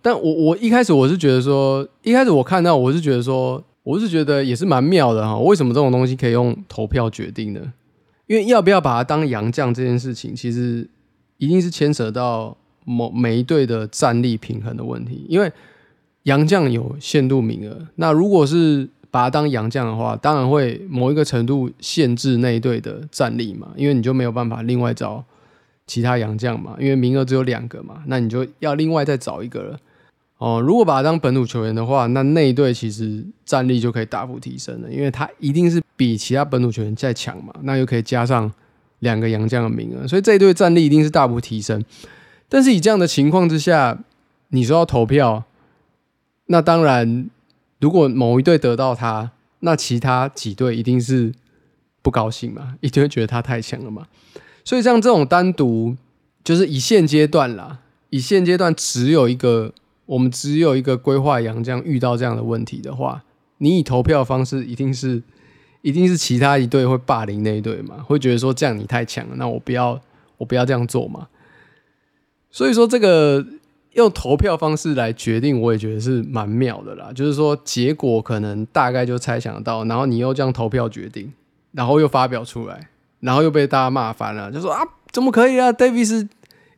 但我我一開始我是覺得說，一開始我看到我是覺得說，我是覺得也是蠻妙的哈。為什麼這種東西可以用投票決定呢？因為要不要把它當洋將這件事情，其實一定是牽扯到某每一隊的戰力平衡的問題。因為洋將有限度名額，那如果是把它當洋將的話，當然會某一個程度限制那一隊的戰力嘛，因為你就沒有辦法另外找。其他洋將嘛，因為名額只有兩個嘛，那你就要另外再找一個了。哦，如果把他當本土球員的話，那那一隊其實戰力就可以大幅提升了，因為他一定是比其他本土球員再強嘛，那又可以加上兩個洋將的名額，所以這一隊戰力一定是大幅提升。但是以這樣的情況之下，你說要投票，那當然，如果某一隊得到他，那其他幾隊一定是不高興嘛，一定會覺得他太強了嘛。所以像這種單獨，就是以現階段啦，以現階段只有一個，我們只有一個歸化洋將，這樣遇到這樣的問題的話，你以投票的方式，一定是，一定是其他一隊會霸凌那一隊嘛，會覺得說這樣你太強了，那我不要，我不要這樣做嘛。所以說這個用投票方式來決定，我也覺得是蠻妙的啦，就是說結果可能大概就猜想得到，然後你又這樣投票決定，然後又發表出來。然後又被大家罵翻了，就說啊，怎麼可以啊？Davis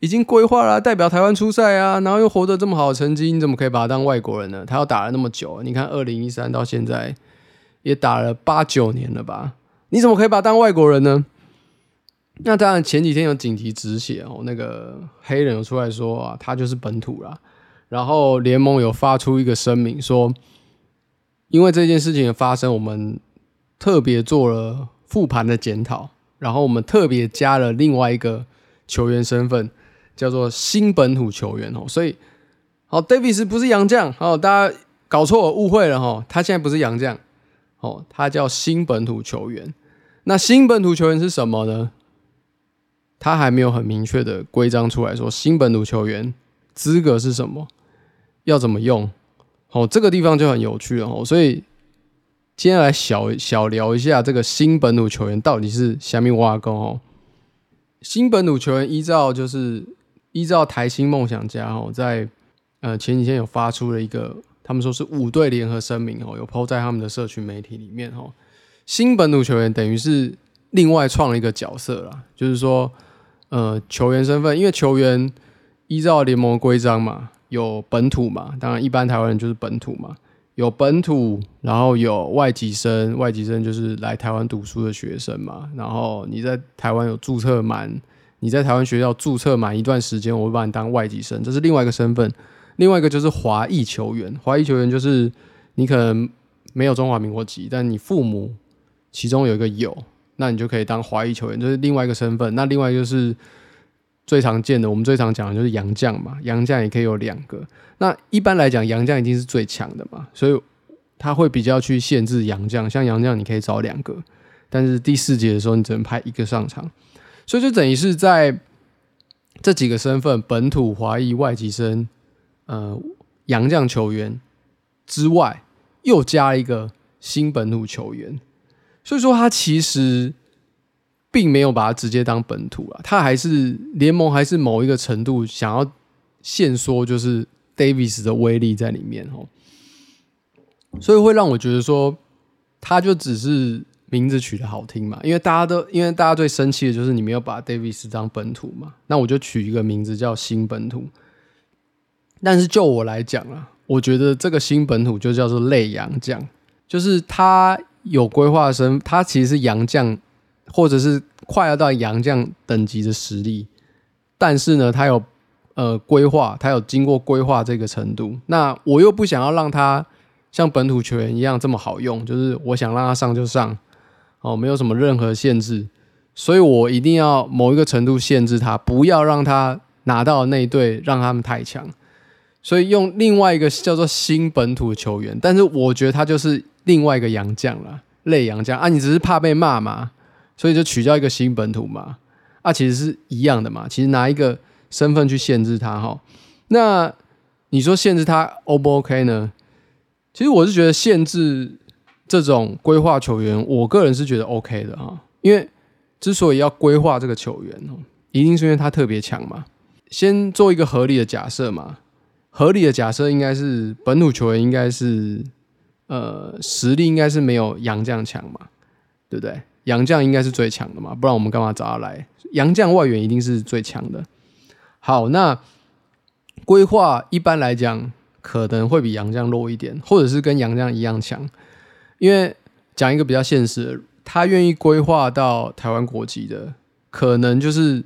已經歸化了，啊，代表台灣出賽啊，然後又獲得這麼好的成績，你怎麼可以把他當外國人呢？他要打了那麼久，你看二零一三到現在也打了八九年了吧？你怎麼可以把他當外國人呢？那當然，前幾天有緊急止血哦，那個黑人有出來說啊，他就是本土啦。然後聯盟有發出一個聲明說，因為這件事情的發生，我們特別做了複盤的檢討。然後我們特別加了另外一個球員身份，叫做新本土球員哦，所以好，Davis 不是洋將，哦，大家搞錯誤會了哈、哦，他現在不是洋將，哦，他叫新本土球員。那新本土球員是什麼呢？他還沒有很明確的規章出來說，新本土球員資格是什麼，要怎麼用？哦，這個地方就很有趣了哦，所以。先來小小聊一下這個新本土球員到底是蝦米挖工哦？新本土球員依照，就是依照台新夢想家哦，在呃前幾天有發出了一個，他們說是五隊聯合聲明哦，有 PO 在他們的社群媒體裡面哦。新本土球員等於是另外創了一個角色啦，就是說呃球員身份，因為球員依照聯盟規章嘛，有本土嘛，當然一般台灣人就是本土嘛。有本土，然後有外籍生。外籍生就是來台灣讀書的學生嘛。然後你在台灣有註冊滿，你在台灣學校註冊滿一段時間，我會把你當外籍生，這是另外一個身份。另外一個就是華裔球員，華裔球員就是你可能沒有中華民國籍，但你父母其中有一個有，那你就可以當華裔球員，就是另外一個身份。那另外一個就是。最常見的，我們最常講的就是洋將嘛，洋將也可以有兩個。那一般來講，洋將已經是最強的嘛，所以他會比較去限制洋將。像洋將，你可以找兩個，但是第四節的時候你只能派一個上場，所以就等於是在這幾個身份——本土華裔、外籍生、呃，洋將球員之外，又加一個新本土球員。所以說，他其實。並沒有把它直接當本土啊，他還是聯盟，還是某一個程度想要限縮，就是 Davis 的威力在裡面哦，所以會讓我覺得說，他就只是名字取得好聽嘛，因為大家都因為大家最生氣的就是你沒有把 Davis 當本土嘛，那我就取一個名字叫新本土。但是就我來講啊，我覺得這個新本土就叫做類洋將，就是他有歸化的身份，他其實是洋將。或者是快要到洋將等級的實力，但是呢，他有呃規劃，他有經過規劃這個程度。那我又不想要讓他像本土球員一樣這麼好用，就是我想讓他上就上哦，沒有什麼任何限制，所以我一定要某一個程度限制他，不要讓他拿到那隊讓他們太強。所以用另外一個叫做新本土的球員，但是我覺得他就是另外一個洋將了，類洋將啊，你只是怕被罵嗎？所以就取消一個新本土嘛，啊，其實是一樣的嘛。其實拿一個身份去限制他哈，那你說限制他 O 不 OK 呢？其實我是覺得限制這種歸化球員，我個人是覺得 OK 的哈。因為之所以要歸化這個球員，一定是因為他特別強嘛。先做一個合理的假設嘛，合理的假設應該是本土球員應該是呃實力應該是沒有洋將這樣強嘛，對不對？洋將應該是最強的嘛，不然我們幹嘛找他來？洋將外援一定是最強的。好，那歸化一般來講可能會比洋將弱一點，或者是跟洋將一樣強。因為講一個比較現實的，他願意歸化到台灣國籍的，可能就是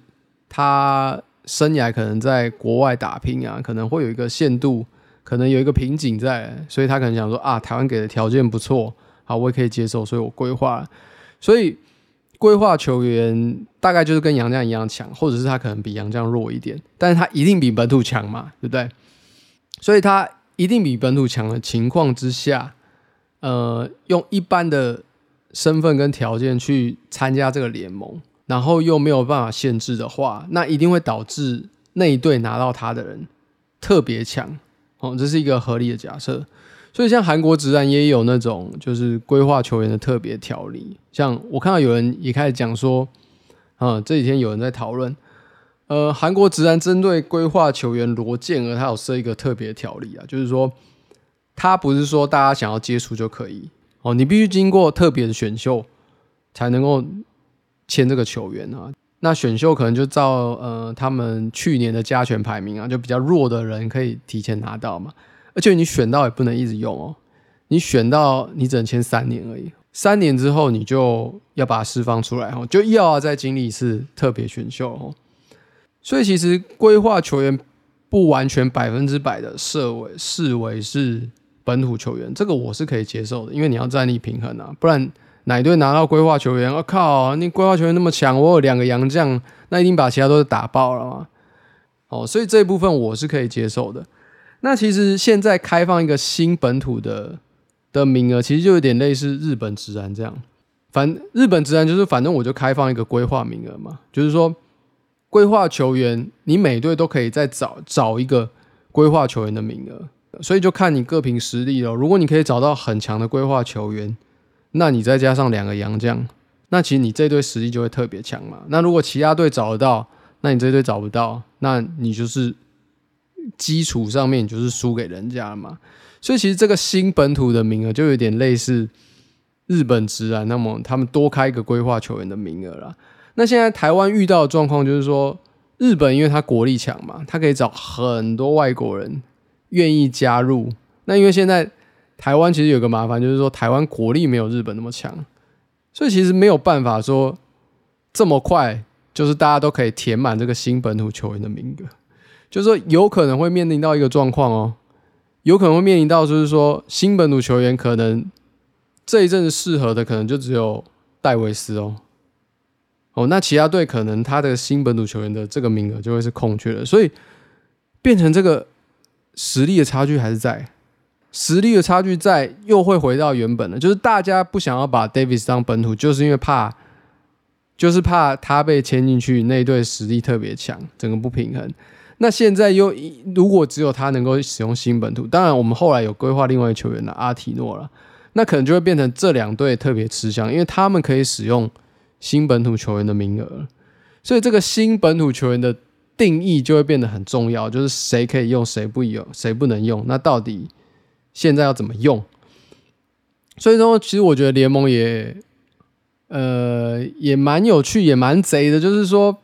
他生涯可能在國外打拼啊，可能會有一個限度，可能有一個瓶頸在，所以他可能想說啊，台灣給的條件不錯，好，我也可以接受，所以我歸化。所以歸化球員大概就是跟洋將一樣強，或者是他可能比洋將弱一點，但是他一定比本土強嘛，對不對？所以他一定比本土強的情況之下，呃，用一般的身份跟條件去參加這個聯盟，然後又沒有辦法限制的話，那一定會導致那一隊拿到他的人特別強，哦，這是一個合理的假設。所以，像韓國職籃也有那種，就是歸化球員的特別條例。像我看到有人也開始講說，嗯，這幾天有人在討論，呃，韓國職籃針對歸化球員羅建爾，他有設一個特別條例啊，就是說他不是說大家想要接觸就可以哦，你必須經過特別的選秀才能夠簽這個球員啊。那選秀可能就照呃他們去年的加權排名啊，就比較弱的人可以提前拿到嘛。而且你選到也不能一直用哦，你選到你只能簽三年而已，三年之後你就要把它釋放出來哦，就要啊再經歷一次特別選秀哦。所以其實歸化球員不完全百分之百的設為視為是本土球員，這個我是可以接受的，因為你要戰力平衡啊，不然哪隊拿到歸化球員，我靠啊，你歸化球員那麼強，我有兩個洋將，那一定把其他都打爆了嘛。哦，所以這一部分我是可以接受的。那其實現在開放一個新本土的的名額，其實就有點類似日本直男這樣。反日本職籃就是反正我就開放一個歸化名額嘛，就是說歸化球員，你每隊都可以再找找一個歸化球員的名額，所以就看你各憑實力了。如果你可以找到很強的歸化球員，那你再加上兩個洋將，那其實你這隊實力就會特別強嘛。那如果其他隊找得到，那你這隊找不到，那你就是。基礎上面就是輸給人家了嘛，所以其實這個新本土的名額就有點類似日本職籃，那麼他們多開一個歸化球員的名額啦，那現在台灣遇到的狀況就是說，日本因為他國力強嘛，他可以找很多外國人願意加入。那因為現在台灣其實有個麻煩，就是說台灣國力沒有日本那麼強，所以其實沒有辦法說這麼快，就是大家都可以填滿這個新本土球員的名額。就是說，有可能會面臨到一個狀況哦，有可能會面臨到，就是說，新本土球員可能這一陣子適合的，可能就只有戴維斯哦，哦，那其他隊可能他的新本土球員的這個名額就會是空缺的，所以變成這個實力的差距還是在，實力的差距在，又會回到原本的，就是大家不想要把 Davis 當本土，就是因為怕，就是怕他被簽進去，那一隊實力特別強，整個不平衡。那現在又，如果只有他能夠使用新本土，當然我們後來有規劃另外一個球員的阿提諾了，那可能就會變成這兩隊特別吃香，因為他們可以使用新本土球員的名額，所以這個新本土球員的定義就會變得很重要，就是誰可以用，誰不用，誰不能用，那到底現在要怎麼用？所以說，其實我覺得聯盟也，呃，也蠻有趣，也蠻賊的，就是說。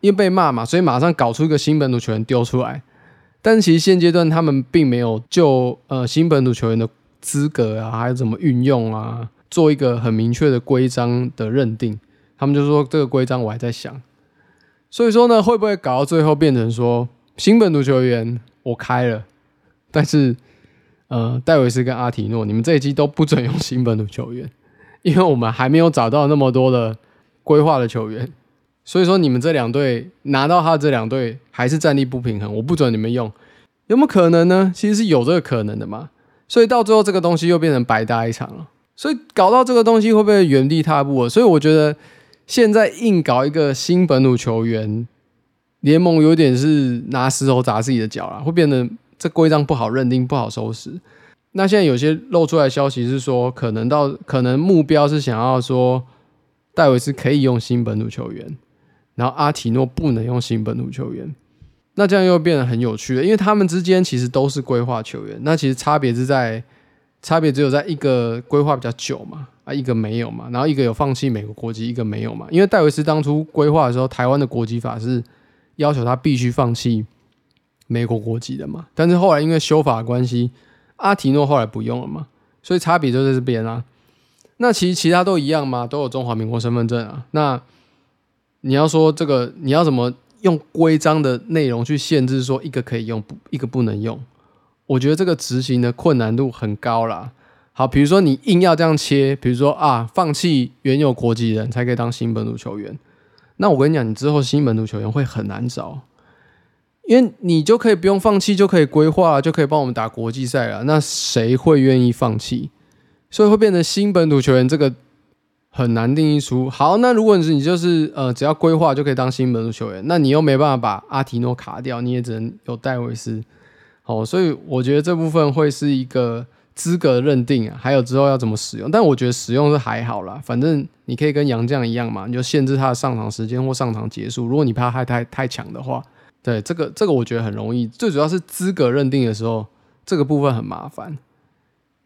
因為被罵嘛，所以馬上搞出一個新本土球員丟出來。但是其實現階段他們並沒有就呃新本土球員的資格啊，還有怎麼運用啊，做一個很明確的規章的認定。他們就說這個規章我還在想。所以說呢，會不會搞到最後變成說新本土球員我開了，但是呃戴維斯跟阿提諾你們這一季都不准用新本土球員，因為我們還沒有找到那麼多的歸化的球員。所以說你們這兩隊拿到他的這兩隊還是戰力不平衡，我不准你們用，有沒有可能呢？其實是有這個可能的嘛。所以到最後這個東西又變成白搭一場了。所以搞到這個東西會不會原地踏步了？所以我覺得現在硬搞一個新本土球員聯盟，有點是拿石頭砸自己的腳啦，會變得這規章不好認定，不好收拾。那現在有些露出來的消息是說，可能到可能目標是想要說戴維斯可以用新本土球員。然後阿提諾不能用新本土球員，那這樣又變得很有趣了，因為他們之間其實都是歸化球員，那其實差別是在差別只有在一個歸化比較久嘛，啊一個沒有嘛，然後一個有放棄美國國籍，一個沒有嘛，因為戴維斯當初歸化的時候，台灣的國籍法是要求他必須放棄美國國籍的嘛，但是後來因為修法的關係，阿提諾後來不用了嘛，所以差別就在這邊啊，那其實其他都一樣嘛，都有中華民國身份證啊，那。你要說這個，你要怎麼用規章的內容去限制說一個可以用，不一個不能用？我覺得這個執行的困難度很高啦。好，比如說你硬要這樣切，比如說啊，放棄原有國籍人才可以當新本土球員，那我跟你講，你之後新本土球員會很難找，因為你就可以不用放棄，就可以歸化，就可以幫我們打國際賽了。那誰會願意放棄？所以會變成新本土球員這個很難定義出，好，那如果你是就是呃，只要歸化就可以當新本土球員，那你又沒辦法把阿提諾卡掉，你也只能有戴維斯。好、哦，所以我覺得這部分會是一個資格認定啊，還有之後要怎麼使用。但我覺得使用是還好啦，反正你可以跟洋將一樣嘛，你就限制他的上場時間或上場結束。如果你怕他太太強的話，對，這個這個我覺得很容易。最主要是資格認定的時候，這個部分很麻煩。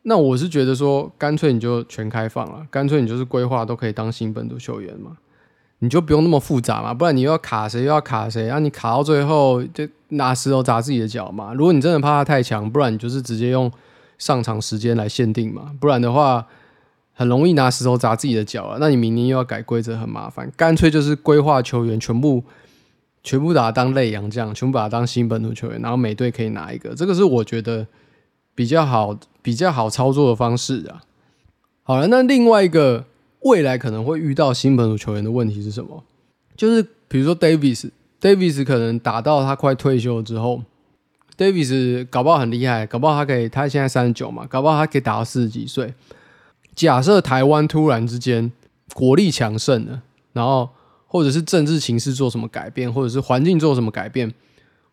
那我是覺得說，乾脆你就全開放了，乾脆你就是歸化都可以當新本土球員嘛，你就不用那麼複雜嘛，不然你又要卡誰又要卡誰，讓、啊、你卡到最後就拿石頭砸自己的腳嘛。如果你真的怕他太強，不然你就是直接用上場時間來限定嘛，不然的話很容易拿石頭砸自己的腳啊，那你明年又要改規則，很麻煩。乾脆就是歸化球員全部全部把他當類洋將，全部把他當新本土球員，然後每隊可以拿一個，這個是我覺得比較好。比較好操作的方式啊，好了，那另外一個未來可能會遇到新本土球員的問題是什麼？就是比如說 Davis，Davis Davis 可能打到他快退休了之後，Davis 搞不好很厲害，搞不好他可以，他現在三十九嘛，搞不好他可以打到四十幾歲。假設台灣突然之間國力強盛了，然後或者是政治形勢做什麼改變，或者是環境做什麼改變，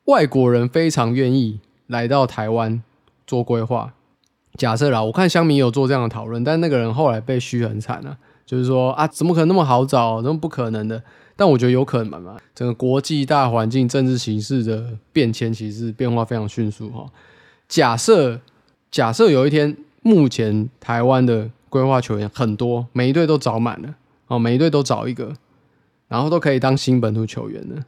外國人非常願意來到台灣做歸化。假設啦，我看鄉民有做這樣的討論，但那個人後來被噓很慘啊，就是說啊，怎麼可能那麼好找，怎麼不可能的。但我覺得有可能嘛，整個國際大環境、政治形勢的變遷，其實變化非常迅速哈。假設假設有一天，目前台灣的歸化球員很多，每一隊都找滿了，哦，每一隊都找一個，然後都可以當新本土球員呢。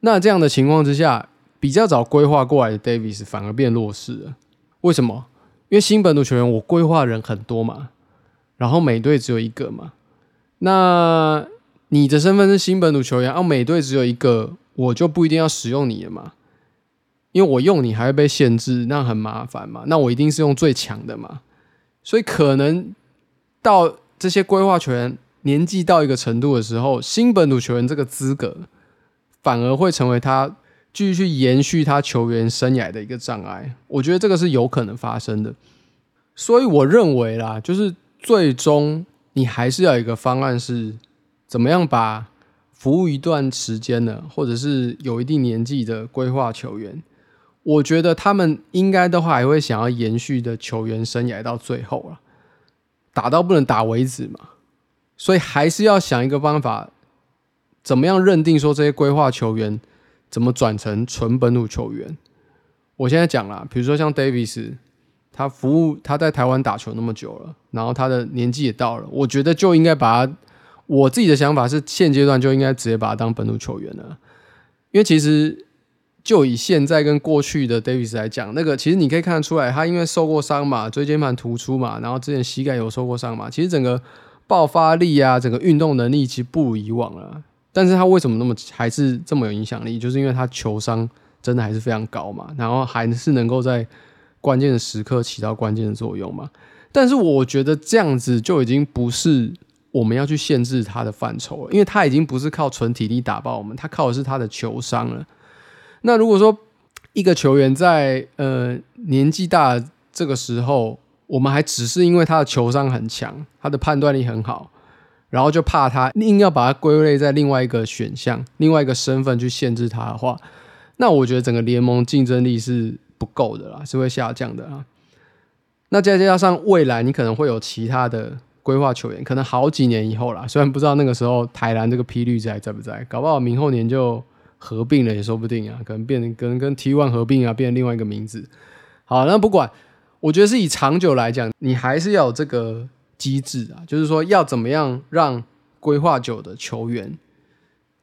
那這樣的情況之下，比較早歸化過來的 Davis 反而變弱勢了，為什麼？因為新本土球員，我歸化人很多嘛，然後每隊只有一個嘛，那你的身份是新本土球員，然、啊、後每隊只有一個，我就不一定要使用你了嘛，因為我用你還會被限制，那很麻煩嘛，那我一定是用最強的嘛，所以可能到這些歸化球員年紀到一個程度的時候，新本土球員這個資格反而會成為他。繼續去延續他球員生涯的一個障礙，我覺得這個是有可能發生的。所以我認為啦，就是最終你還是要有一個方案是怎麼樣把服務一段時間的或者是有一定年紀的規劃球員，我覺得他們應該的話還會想要延續的球員生涯到最後了，打到不能打為止嘛。所以還是要想一個方法，怎麼樣認定說這些規劃球員。怎麼轉成純本土球員？我現在講啦，比如說像 Davis，他服務他在台灣打球那麼久了，然後他的年紀也到了，我覺得就應該把他。我自己的想法是，現階段就應該直接把他當本土球員了。因為其實就以現在跟過去的 Davis 來講，那個其實你可以看得出來，他因為受過傷嘛，椎間盤突出嘛，然後之前膝蓋有受過傷嘛，其實整個爆發力啊，整個運動能力其實不如以往了。但是他為什麼那麼還是這麼有影響力？就是因為他球商真的還是非常高嘛，然後還是能夠在關鍵的時刻起到關鍵的作用嘛。但是我覺得這樣子就已經不是我們要去限制他的範疇了，因為他已經不是靠純體力打爆我們，他靠的是他的球商了。那如果說一個球員在呃年紀大的這個時候，我們還只是因為他的球商很強，他的判斷力很好。然後就怕他硬要把它歸類在另外一個選項、另外一個身份去限制他的話，那我覺得整個聯盟競爭力是不夠的啦，是會下降的啊。那再加上未來你可能會有其他的規劃球員，可能好幾年以後啦，雖然不知道那個時候台南這個 P 率在在不在，搞不好明後年就合併了也說不定啊，可能變成可能跟 T1 合併啊，變另外一個名字。好，那不管，我覺得是以長久來講，你還是要有這個。機製啊，就是說要怎麼樣讓歸化久的球員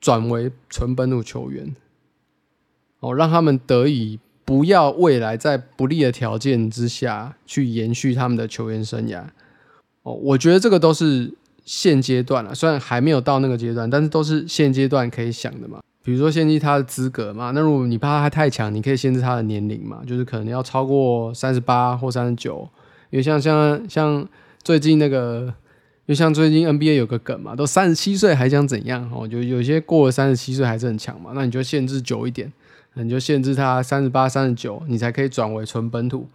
轉為純本土球員，哦，讓他們得以不要未來在不利的條件之下去延續他們的球員生涯。哦，我覺得這個都是現階段了，啊，雖然還沒有到那個階段，但是都是現階段可以想的嘛。比如說限制他的資格嘛，那如果你怕他太強，你可以限制他的年齡嘛，就是可能要超過三十八或三十九，因為像像像。像最近那個，就像最近 NBA 有個梗嘛，都三十七歲還想怎樣？哦，就有些過了三十七歲還是很強嘛，那你就限制久一點，你就限制他三十八、三十九，你才可以轉為純本土，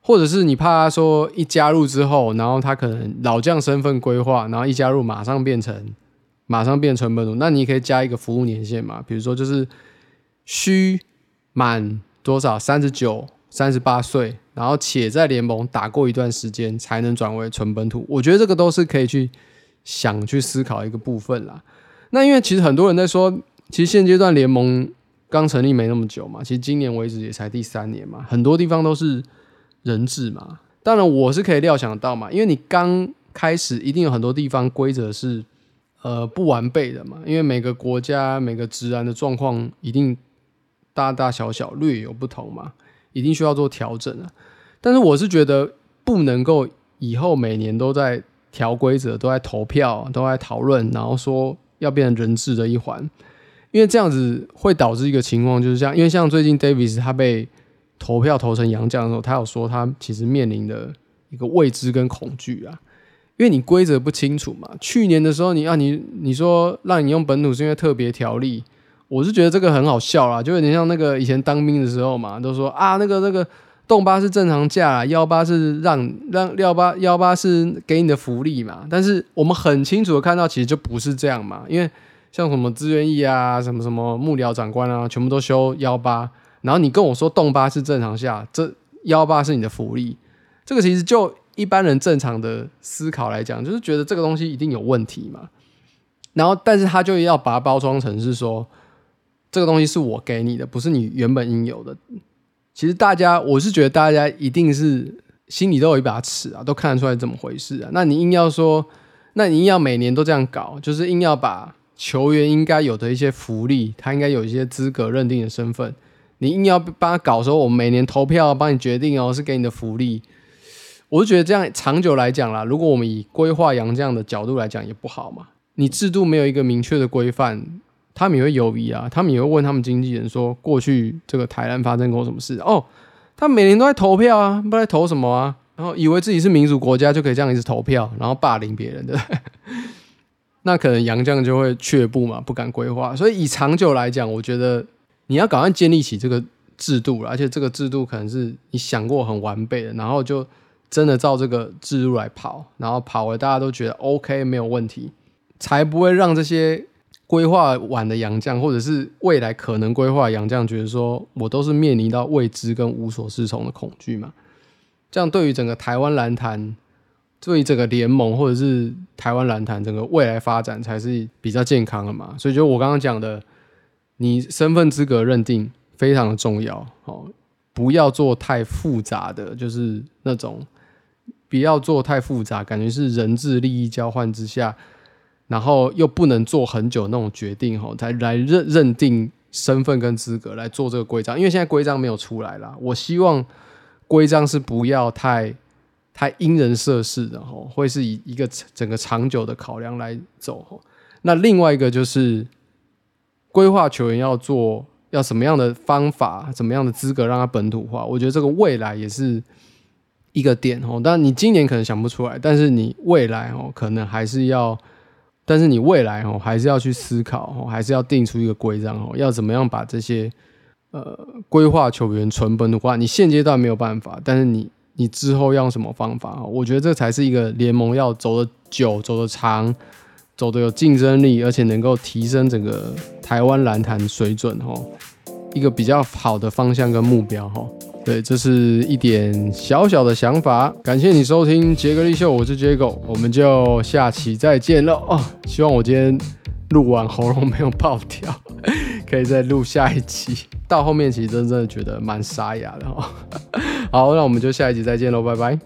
或者是你怕他說一加入之後，然後他可能老將身份歸化，然後一加入馬上變成馬上變成純本土，那你可以加一個服務年限嘛，比如說就是需滿多少，三十九、三十八歲。然後且在聯盟打過一段時間，才能轉為純本土。我覺得這個都是可以去想去思考一個部分啦。那因為其實很多人在說，其實現階段聯盟剛成立沒那麼久嘛，其實今年為止也才第三年嘛，很多地方都是人治嘛。當然我是可以料想到嘛，因為你剛開始一定有很多地方規則是呃不完備的嘛，因為每個國家每個自然的狀況一定大大小小略有不同嘛。一定需要做調整啊，但是我是覺得不能夠以後每年都在調規則，都在投票，都在討論，然後說要變成人治的一環，因為這樣子會導致一個情況，就是像因為像最近 Davis 他被投票投成洋將的時候，他有說他其實面臨的一個未知跟恐懼啊，因為你規則不清楚嘛。去年的時候你，你啊你你說讓你用本土是因為特別條例。我是覺得這個很好笑啦，就有點像那個以前當兵的時候嘛，都說啊，那個那個洞八是正常價，幺八是讓讓幺八幺八是給你的福利嘛。但是我們很清楚的看到，其實就不是這樣嘛，因為像什麼志願役啊，什麼什麼幕僚長官啊，全部都修幺八。然後你跟我說洞八是正常價，這幺八是你的福利，這個其實就一般人正常的思考來講，就是覺得這個東西一定有問題嘛。然後，但是他就要把它包裝成是說。這個東西是我給你的，不是你原本應有的。其實大家，我是覺得大家一定是心裡都有一把尺啊，都看得出來怎麼回事啊。那你硬要說，那你硬要每年都這樣搞，就是硬要把球員應該有的一些福利，他應該有一些資格認定的身份，你硬要幫他搞說我們每年投票幫你決定哦，是給你的福利。我是覺得這樣長久來講啦，如果我們以歸化洋將這樣的角度來講，也不好嘛。你制度沒有一個明確的規範。他們也會猶豫啊，他們也會問他們經紀人說：“過去這個台灣發生過什麼事、啊？”哦，他們每年都在投票啊，不知道投什麼啊，然後以為自己是民主國家就可以這樣一直投票，然後霸凌別人的。那可能洋將就會卻步嘛，不敢規劃。所以以長久來講，我覺得你要趕快建立起這個制度啦，而且這個制度可能是你想過很完備的，然後就真的照這個制度來跑，然後跑了大家都覺得 OK，沒有問題，才不會讓這些。歸化完的洋將，或者是未來可能歸化洋將，覺得說我都是面臨到未知跟無所適從的恐懼嘛。這樣對於整個台灣籃壇，對於整個聯盟或者是台灣籃壇整個未來發展才是比較健康的嘛。所以就我剛剛講的，你身份資格認定非常重要哦，不要做太複雜的就是那種，不要做太複雜，感覺是人治利益交換之下。然後又不能做很久那種決定吼，才來認認定身份跟資格來做這個規章，因為現在規章沒有出來啦，我希望規章是不要太太因人設事的吼，會是以一個整個長久的考量來走。那另外一個就是歸化球員要做要什麼樣的方法、什麼樣的資格讓他本土化，我覺得這個未來也是一個點吼。但你今年可能想不出來，但是你未來哦，可能還是要。但是你未來哦，還是要去思考哦，還是要定出一個規章哦，要怎麼樣把這些呃歸化球員存本的話，你現階段沒有辦法，但是你你之後要用什麼方法？我覺得這才是一個聯盟要走得久、走得長、走得有競爭力，而且能夠提升整個台灣籃壇水準哦，一個比較好的方向跟目標哦。對，這是一點小小的想法。感謝你收聽杰哥利秀，我是杰狗，我們就下期再見嘍哦，希望我今天錄完喉嚨沒有爆掉，可以再錄下一期。到後面其實真的覺得蠻沙啞的哦。好，那我們就下一期再見嘍，拜拜。